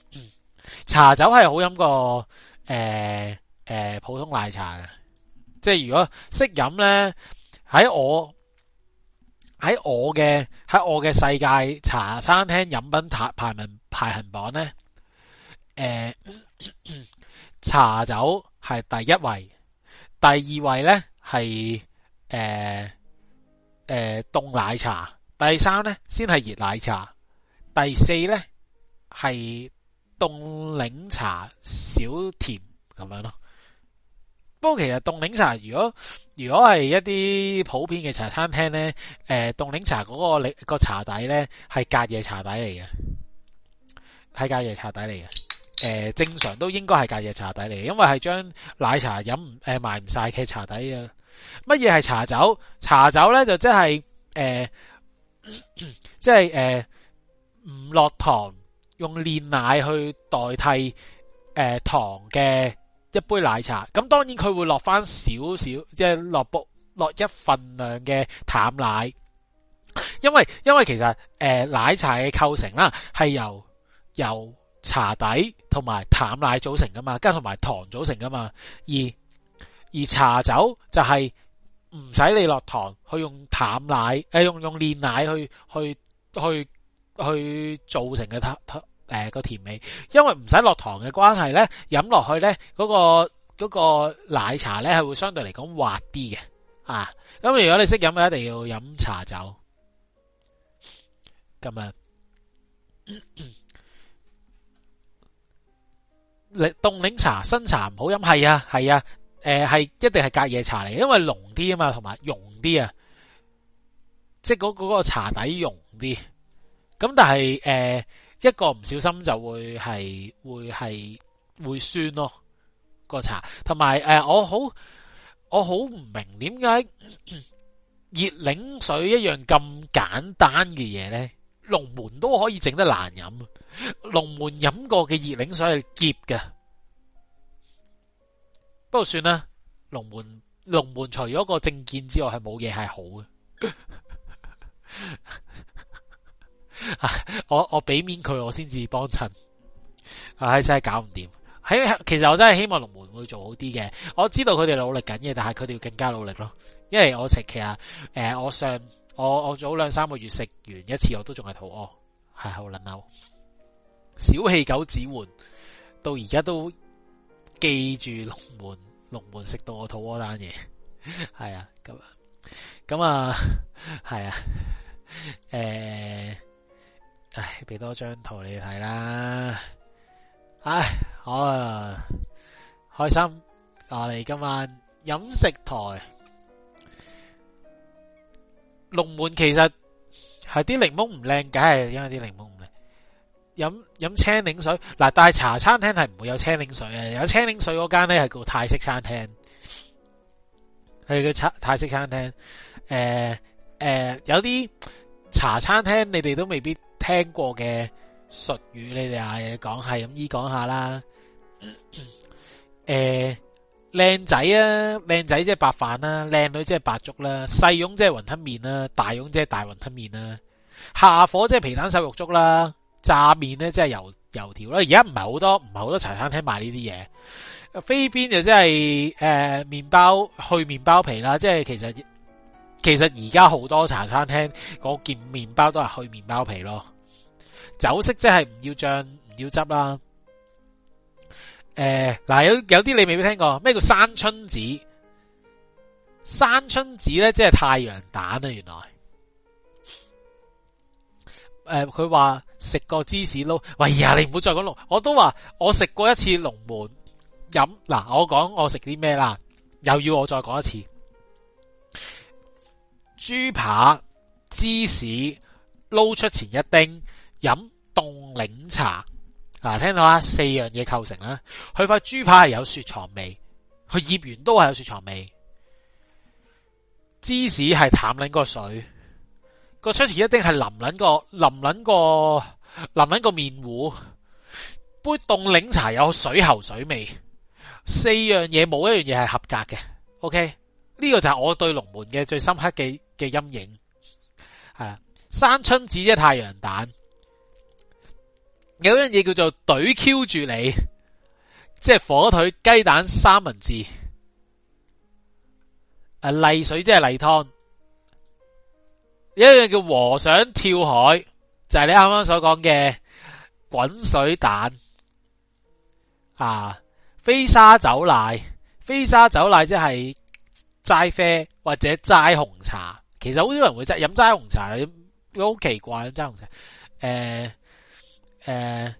茶酒係好飲過。誒。欸誒，普通奶茶嘅，即係如果識飲咧，喺我喺我嘅喺我嘅世界茶餐廳飲品排排名排行榜咧，誒、呃，茶走係第一位，第二位咧係誒誒凍奶茶，第三咧先係熱奶茶，第四咧係凍檸茶少甜咁樣咯。其實凍檸茶如果如果係一啲普遍嘅茶餐廳咧，誒凍檸茶嗰、嗰個、嗰個茶底咧係隔夜茶底嚟嘅，係隔夜茶底嚟嘅。誒、呃，正常都應該係隔夜茶底嚟，因為係將奶茶飲誒埋唔晒嘅茶底啊。乜嘢係茶酒？茶酒咧就即係誒，即係誒唔落糖，用煉奶去代替誒、呃、糖嘅。一杯奶茶，咁當然佢會落翻少少，即係落落一份量嘅淡奶，因為因為其實誒、呃、奶茶嘅構成啦，係由由茶底同埋淡奶組成噶嘛，加上同埋糖組成噶嘛，而而茶走就係唔使你落糖，去用淡奶、呃、用用煉奶去去去去做成嘅誒、呃，嗰個甜味，因為唔使落糖嘅關係咧，飲落去咧，嗰、嗰個、嗰個奶茶咧係會相對嚟講滑啲嘅啊。咁如果你識飲嘅，一定要飲茶走。咁啊凍檸茶新茶唔好飲，係啊係啊，誒係、啊呃、一定係隔夜茶嚟嘅，因為濃啲啊嘛，同埋溶啲啊，即係嗰嗰個茶底溶啲。咁但係，誒。呃一個唔小心就會係會係會酸咯，個茶。同埋誒我好我好唔明點解熱檸水一樣咁簡單嘅嘢呢，龍門都可以整得難飲。龍門飲過嘅熱檸水係澀嘅，不過算啦。龍門龍門除咗個政見之外，係冇嘢係好嘅。 我我俾面佢，我先至幫襯，唉、啊，真係搞唔掂。喺其實我真係希望龍門會做好啲嘅。我知道佢哋努力緊嘅，但係佢哋要更加努力咯。因為我食其實誒、呃，我上我我早兩三個月食完一次我、哎，我都仲係肚屙，係好撚嬲。小氣狗指換到而家都記住龍門龍門食到我肚屙單嘢，係啊咁咁啊係啊誒。欸唉，俾多張圖你睇啦。唉，好啊開心。我哋今晚飲食台龍門其實係啲檸檬唔靚，梗係因為啲檸檬唔靚。飲飲青檸水嗱，但係茶餐廳係唔會有青檸水嘅。有青檸水嗰間咧係叫泰式餐廳，去嘅餐泰式餐廳。誒、呃、誒、呃，有啲茶餐廳你哋都未必。聽過嘅術語，你哋啊講係咁意講下啦。誒、呃，靚仔啊，靚仔即係白飯啦、啊，靚女即係白粥啦、啊，細蓉即係雲吞麵啦、啊，大蓉即係大雲吞麵啦、啊，下火即係皮蛋瘦肉粥啦、啊，炸麵咧即係油油條啦、啊。而家唔係好多唔係好多茶餐廳賣呢啲嘢。飛邊就即係誒、麵、呃、包去麵包皮啦、啊，即、就、係、是、其實其實而家好多茶餐廳嗰件麵包都係去麵包皮咯。酒色即係唔要醬，唔要汁啦。誒、呃，嗱，有有啲你未必聽過咩叫山春子？山春子咧即係太陽蛋啊。原來誒，佢話食個芝士撈喂、哎、呀，你唔好再講龍。我都話我食過一次龍門飲嗱。我講我食啲咩啦？又要我再講一次豬扒芝士撈出前一丁。飲凍檸茶嗱、啊，聽到啊，四樣嘢構成啦。佢塊豬扒係有雪藏味，佢醃完都係有雪藏味。芝士係淡捻個水，個出字一定係淋捻個淋捻個淋捻個麵糊。杯凍檸茶有水喉水味，四樣嘢冇一樣嘢係合格嘅。O.K. 呢個就係我對龍門嘅最深刻嘅嘅陰影係啦。山春子即太陽蛋。有一樣嘢叫做懟 Q 住你，即係火腿雞蛋三文治，啊，例水即係例湯。有一樣叫和尚跳海，就係、是、你啱啱所講嘅滾水蛋啊，飛沙走奶。飛沙走奶即係齋啡或者齋紅茶。其實好少人會齋飲齋紅茶，好奇怪，齋紅茶誒。呃誒、呃，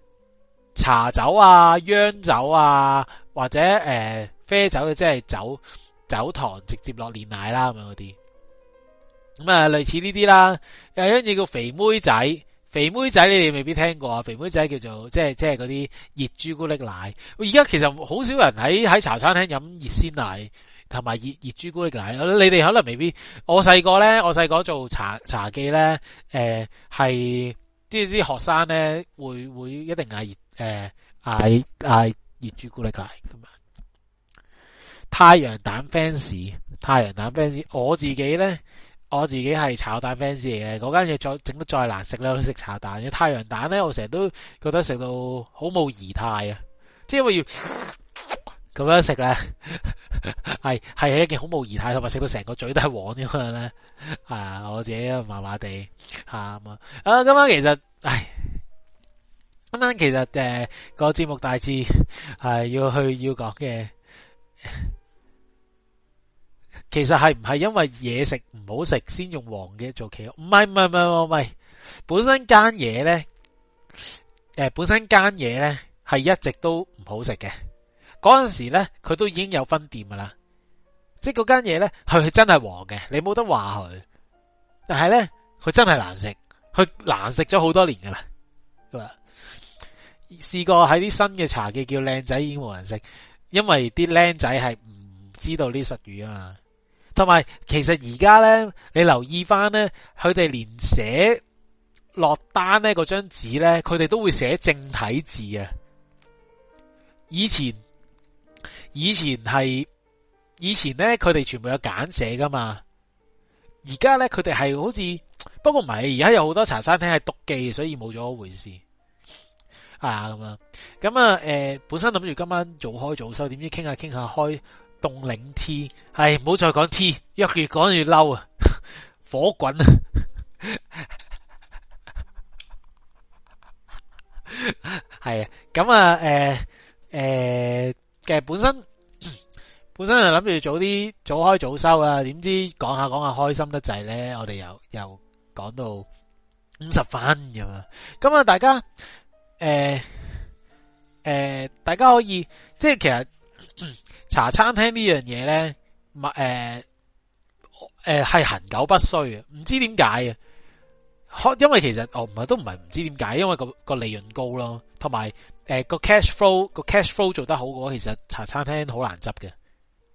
茶走啊、鴦走啊，或者誒、呃、啡走，嘅，即係走走糖直接落煉奶啦，咁樣啲。咁、嗯、啊，類似呢啲啦。又有一樣嘢叫肥妹仔，肥妹仔你哋未必聽過啊。肥妹仔叫做即係即係嗰啲熱朱古力奶。而家其實好少人喺喺茶餐廳飲熱鮮奶熱，同埋熱熱朱古力奶。你哋可能未必。我細個咧，我細個做茶茶記咧，誒、呃、係。是即係啲學生咧，會會一定嗌熱，誒嗌嗌熱朱古力奶咁啊！太陽蛋 fans，太陽蛋 fans，我自己咧，我自己係炒蛋 fans 嚟嘅。嗰間嘢再整得再難食咧，我都食炒蛋嘅。太陽蛋咧，我成日都覺得食到好冇儀態啊！即係因為要。咁樣食咧，係係一件好無儀態，同埋食到成個嘴都係黃咁樣咧。啊，我自己麻麻地吓咁啊。啊，今晚其實，唉，今晚其實誒個節目大致係要去要講嘅。其實係唔係因為嘢食唔好食先用黃嘅做企鵝？唔係唔係唔係唔係，本身間嘢咧，誒，本身間嘢咧係一直都唔好食嘅。嗰陣時咧，佢都已經有分店噶啦，即係嗰間嘢咧，係佢真係黃嘅，你冇得話佢。但係咧，佢真係難食，佢難食咗好多年噶啦。試過喺啲新嘅茶記叫靚仔已經冇人食，因為啲靚仔係唔知道啲術語啊嘛。同埋，其實而家咧，你留意翻咧，佢哋連寫落單咧嗰張紙咧，佢哋都會寫正體字啊。以前。以前係以前咧，佢哋全部有簡寫噶嘛，而家咧佢哋係好似，不過唔係，而家有好多茶餐廳係讀記，所以冇咗嗰回事啊咁樣。咁啊，誒、啊呃，本身諗住今晚早開早收，點知傾下傾下開凍領 T，係唔好再講 T，越講越嬲啊，火 滾啊，係啊，咁、呃、啊，誒、呃，誒。其實本身，嗯、本身係諗住早啲早開早收啊！點知講下講下開心得滯咧，我哋又又講到五十分咁啊！咁啊，大家誒誒、呃呃，大家可以即係其實茶餐廳呢樣嘢咧，物誒誒係恒久不衰嘅，唔知點解啊？因為其實我唔係都唔係唔知點解，因為個個利潤高咯。同埋，誒、呃、個 cash flow 個 cash flow 做得好嘅話，其實茶餐廳好難執嘅，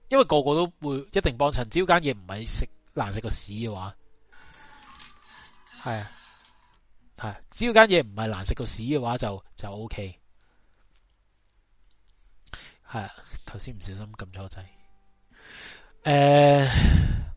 因為個個都會一定幫襯。只要間嘢唔係食難食個屎嘅話，係啊，係。只要間嘢唔係難食個屎嘅話就，就就 OK。係啊，頭先唔小心撳錯掣。誒、呃，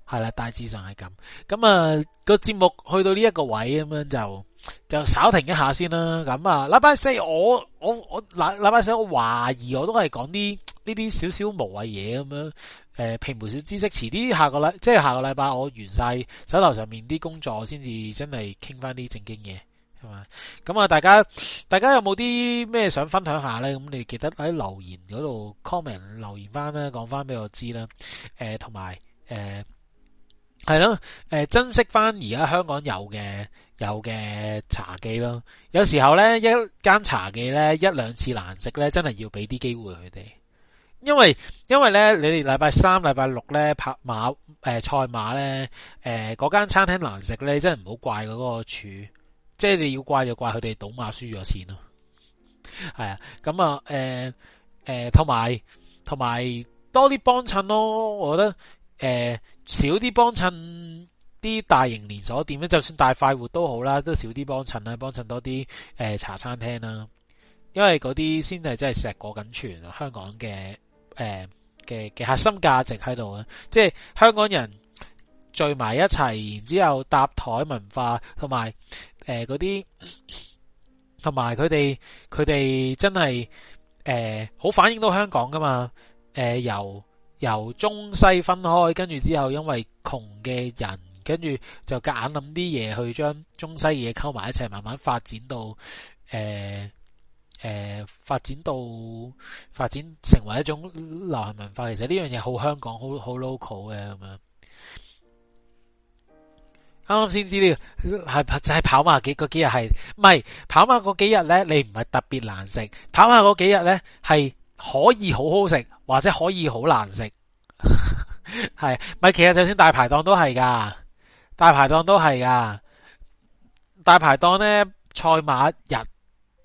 係啦，大致上係咁。咁啊，個節目去到呢一個位咁樣就，就稍停一下先啦，咁啊，禮拜四我我我，禮禮拜四我懷疑我都係講啲呢啲少少無謂嘢咁樣，誒、呃，平平小知識，遲啲下個禮，即係下個禮拜我完晒手頭上面啲工作，先至真係傾翻啲正經嘢，係嘛，咁啊，大家大家有冇啲咩想分享下咧？咁你記得喺留言嗰度 comment 留言翻啦，講翻俾我知啦，誒、呃，同埋誒。呃係咯，誒、呃，珍惜翻而家香港有嘅有嘅茶記咯。有時候呢，一間茶記呢，一兩次難食呢，真係要俾啲機會佢哋。因為因為呢，你哋禮拜三、禮拜六呢，拍馬誒賽馬呢，誒嗰間餐廳難食呢，真係唔好怪嗰個廚。即係你要怪就怪佢哋賭馬輸咗錢咯。係啊，咁啊，誒、呃、誒，同埋同埋多啲幫襯咯，我覺得。誒、呃、少啲幫襯啲大型連鎖店，就算大快活都好啦，都少啲幫襯啦，幫襯多啲、呃、茶餐廳啦，因為嗰啲先係真係碩果僅存啊，香港嘅嘅嘅核心價值喺度啊，即係香港人聚埋一齊，然之後搭台文化同埋嗰啲，同埋佢哋佢哋真係誒好反映到香港噶嘛，呃、由由中西分開，跟住之後，因為窮嘅人，跟住就夾硬諗啲嘢去將中西嘢溝埋一齊，慢慢發展到誒誒、呃呃、發展到發展成為一種流行文化。其實呢樣嘢好香港，好好 local 嘅咁樣，啱啱先知道，呢係就係、係、跑馬幾幾日係唔係跑馬嗰幾日咧？你唔係特別難食，跑馬嗰幾日咧係。可以好好食，或者可以好難食，係 咪？其實就算大排檔都係噶大排檔都係噶。大排檔呢，賽馬日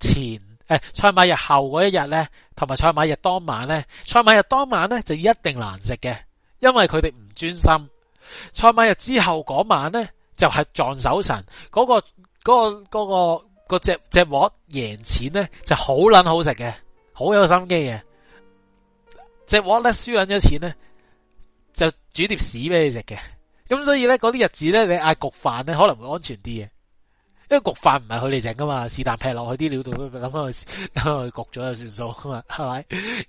前誒，呃、賽馬日後嗰一日呢，同埋賽馬日當晚呢，賽馬日當晚呢就一定難食嘅，因為佢哋唔專心。賽馬日之後嗰晚呢，就係撞手神，嗰個嗰個嗰個嗰個隻隻鑊贏錢呢就好撚好食嘅。好有心機嘅，隻鑊咧輸緊咗錢咧，就煮碟屎俾你食嘅。咁所以咧，嗰啲日子咧，你嗌焗飯咧，可能會安全啲嘅。因為焗飯唔係佢哋整噶嘛，是但劈落去啲料度，諗下諗下焗咗就算數啊嘛，係咪？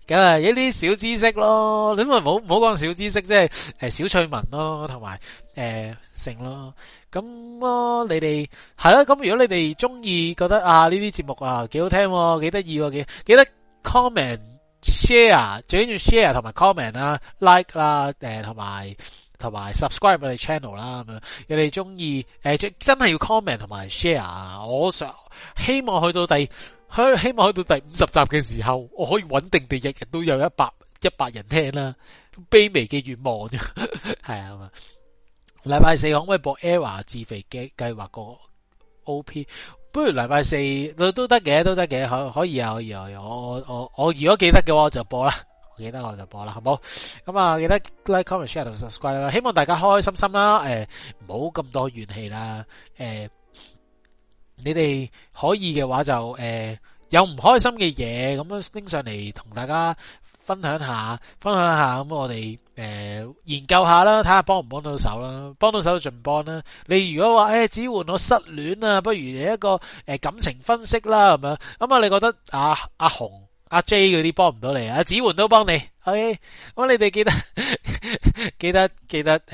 咁啊，一啲小知識咯，你都唔好唔好講小知識，即係誒小趣聞咯，同埋誒剩咯。咁我你哋係啦，咁如果你哋中意，覺得啊呢啲節目啊幾好聽，幾得意，幾幾得。comment、share，最緊要 share 同埋 comment 啦、啊，like 啦、啊，誒、呃，同埋同埋 subscribe 我哋 channel 啦，咁樣，嗯、人哋中意誒，真真係要 comment 同埋 share、啊。我想希望去到第，去希望去到第五十集嘅時候，我可以穩定地日日都有一百一百人聽啦、啊，卑微嘅願望啫、啊，係 啊嘛。禮、嗯、拜四可唔可以播 ERROR 自肥嘅計劃個 OP？不如，禮拜四，都得嘅，都得嘅，可以，可以，我如果記得嘅話，我就播啦，記得我就播啦，好唔好？咁啊，記得 like, comment, share, 同 subscribe，希望大家開開心心啦，唔好咁多怨氣啦，你哋可以嘅話，就，有唔開心嘅嘢，咁，拎上嚟同大家分享下，分享下，咁，我哋，誒、呃，研究一下啦，睇下幫唔幫到手啦，幫到手盡幫啦。你如果話誒子桓我失戀啊，不如你一個誒、呃、感情分析啦，係咪？咁啊，你覺得阿阿紅阿 J 嗰啲幫唔到你啊？子、啊、桓、啊啊、都幫你，OK？咁你哋記得 記得記得誒、係、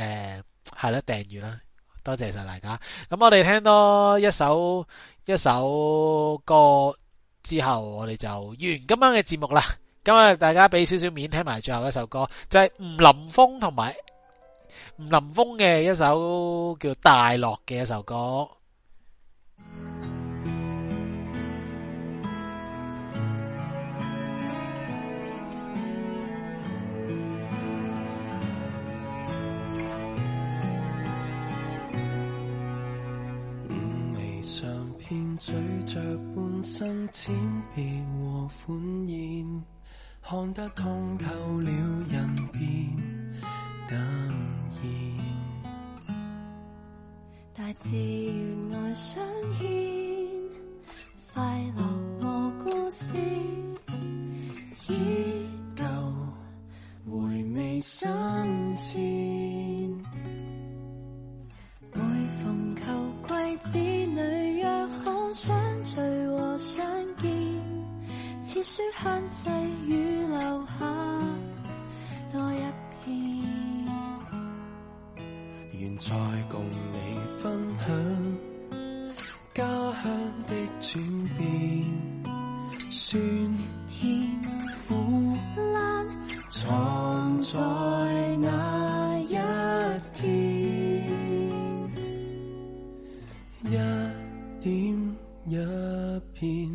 呃、啦，訂閱啦，多謝晒大家。咁我哋聽多一首一首歌之後，我哋就完今晚嘅節目啦。今日大家畀少少面聽埋最後一首歌，就係、是、吳林峰同埋吳林峰嘅一首叫《大樂》嘅一首歌。眉、嗯、相片咀嚼半生情被和歡宴。看得通透了人變等然，大自然愛相牽，快樂和故事依舊回味新鮮。每逢口季，子女。紙書向細雨留下多一片，願再共你分享家鄉的轉變，酸甜苦辣藏在那一天， 一點一片。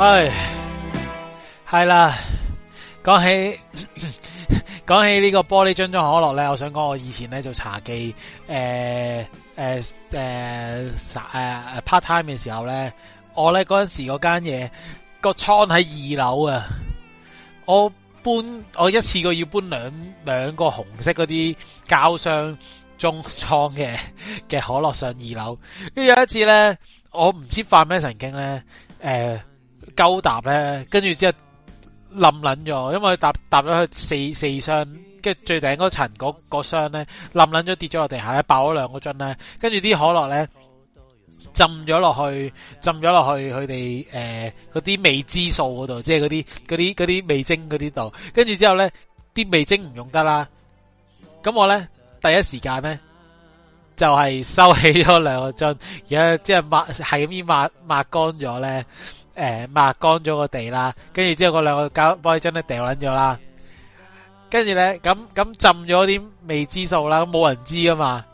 唉，係啦，講起講起呢個玻璃樽裝可樂咧，我想講我以前咧做茶記誒誒誒 part time 嘅時候咧，我咧嗰陣時嗰間嘢，個倉喺二樓啊，我搬我一次過要搬兩兩個紅色嗰啲膠箱中倉嘅嘅可樂上二樓，跟住有一次咧，我唔知道發咩神經咧誒。呃鳩搭咧，跟住之後冧撚咗，因為搭搭咗四四箱，跟住最頂嗰層嗰箱咧冧撚咗，跌咗落地下咧，爆咗兩個樽咧，跟住啲可樂咧浸咗落去，浸咗落去佢哋誒嗰啲味之素嗰度，即係嗰啲嗰啲嗰啲味精嗰啲度，跟住之後咧啲味精唔用得啦，咁我咧第一時間咧就係收起咗兩個樽，而家即係抹係咁樣抹抹乾咗咧。誒，抹乾咗個地啦，跟住之後個兩個搞，幫佢將啲樽都掉捻咗啦，跟住咧，咁咁浸咗啲未知數啦，咁冇人知啊嘛，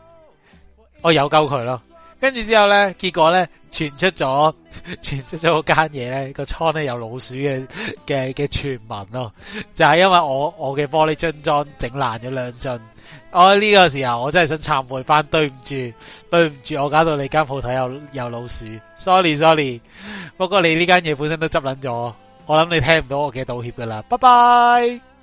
我有救佢咯。跟住之後呢，結果呢，傳出咗傳出咗間嘢呢，個倉呢有老鼠嘅嘅嘅傳聞咯，就係因為我我嘅玻璃樽裝整爛咗兩樽，我喺呢個時候我真係想懺悔翻，對唔住對唔住，我搞到你間鋪頭有有老鼠，sorry sorry，不過你呢間嘢本身都執捻咗，我諗你聽唔到我嘅道歉噶啦，拜拜。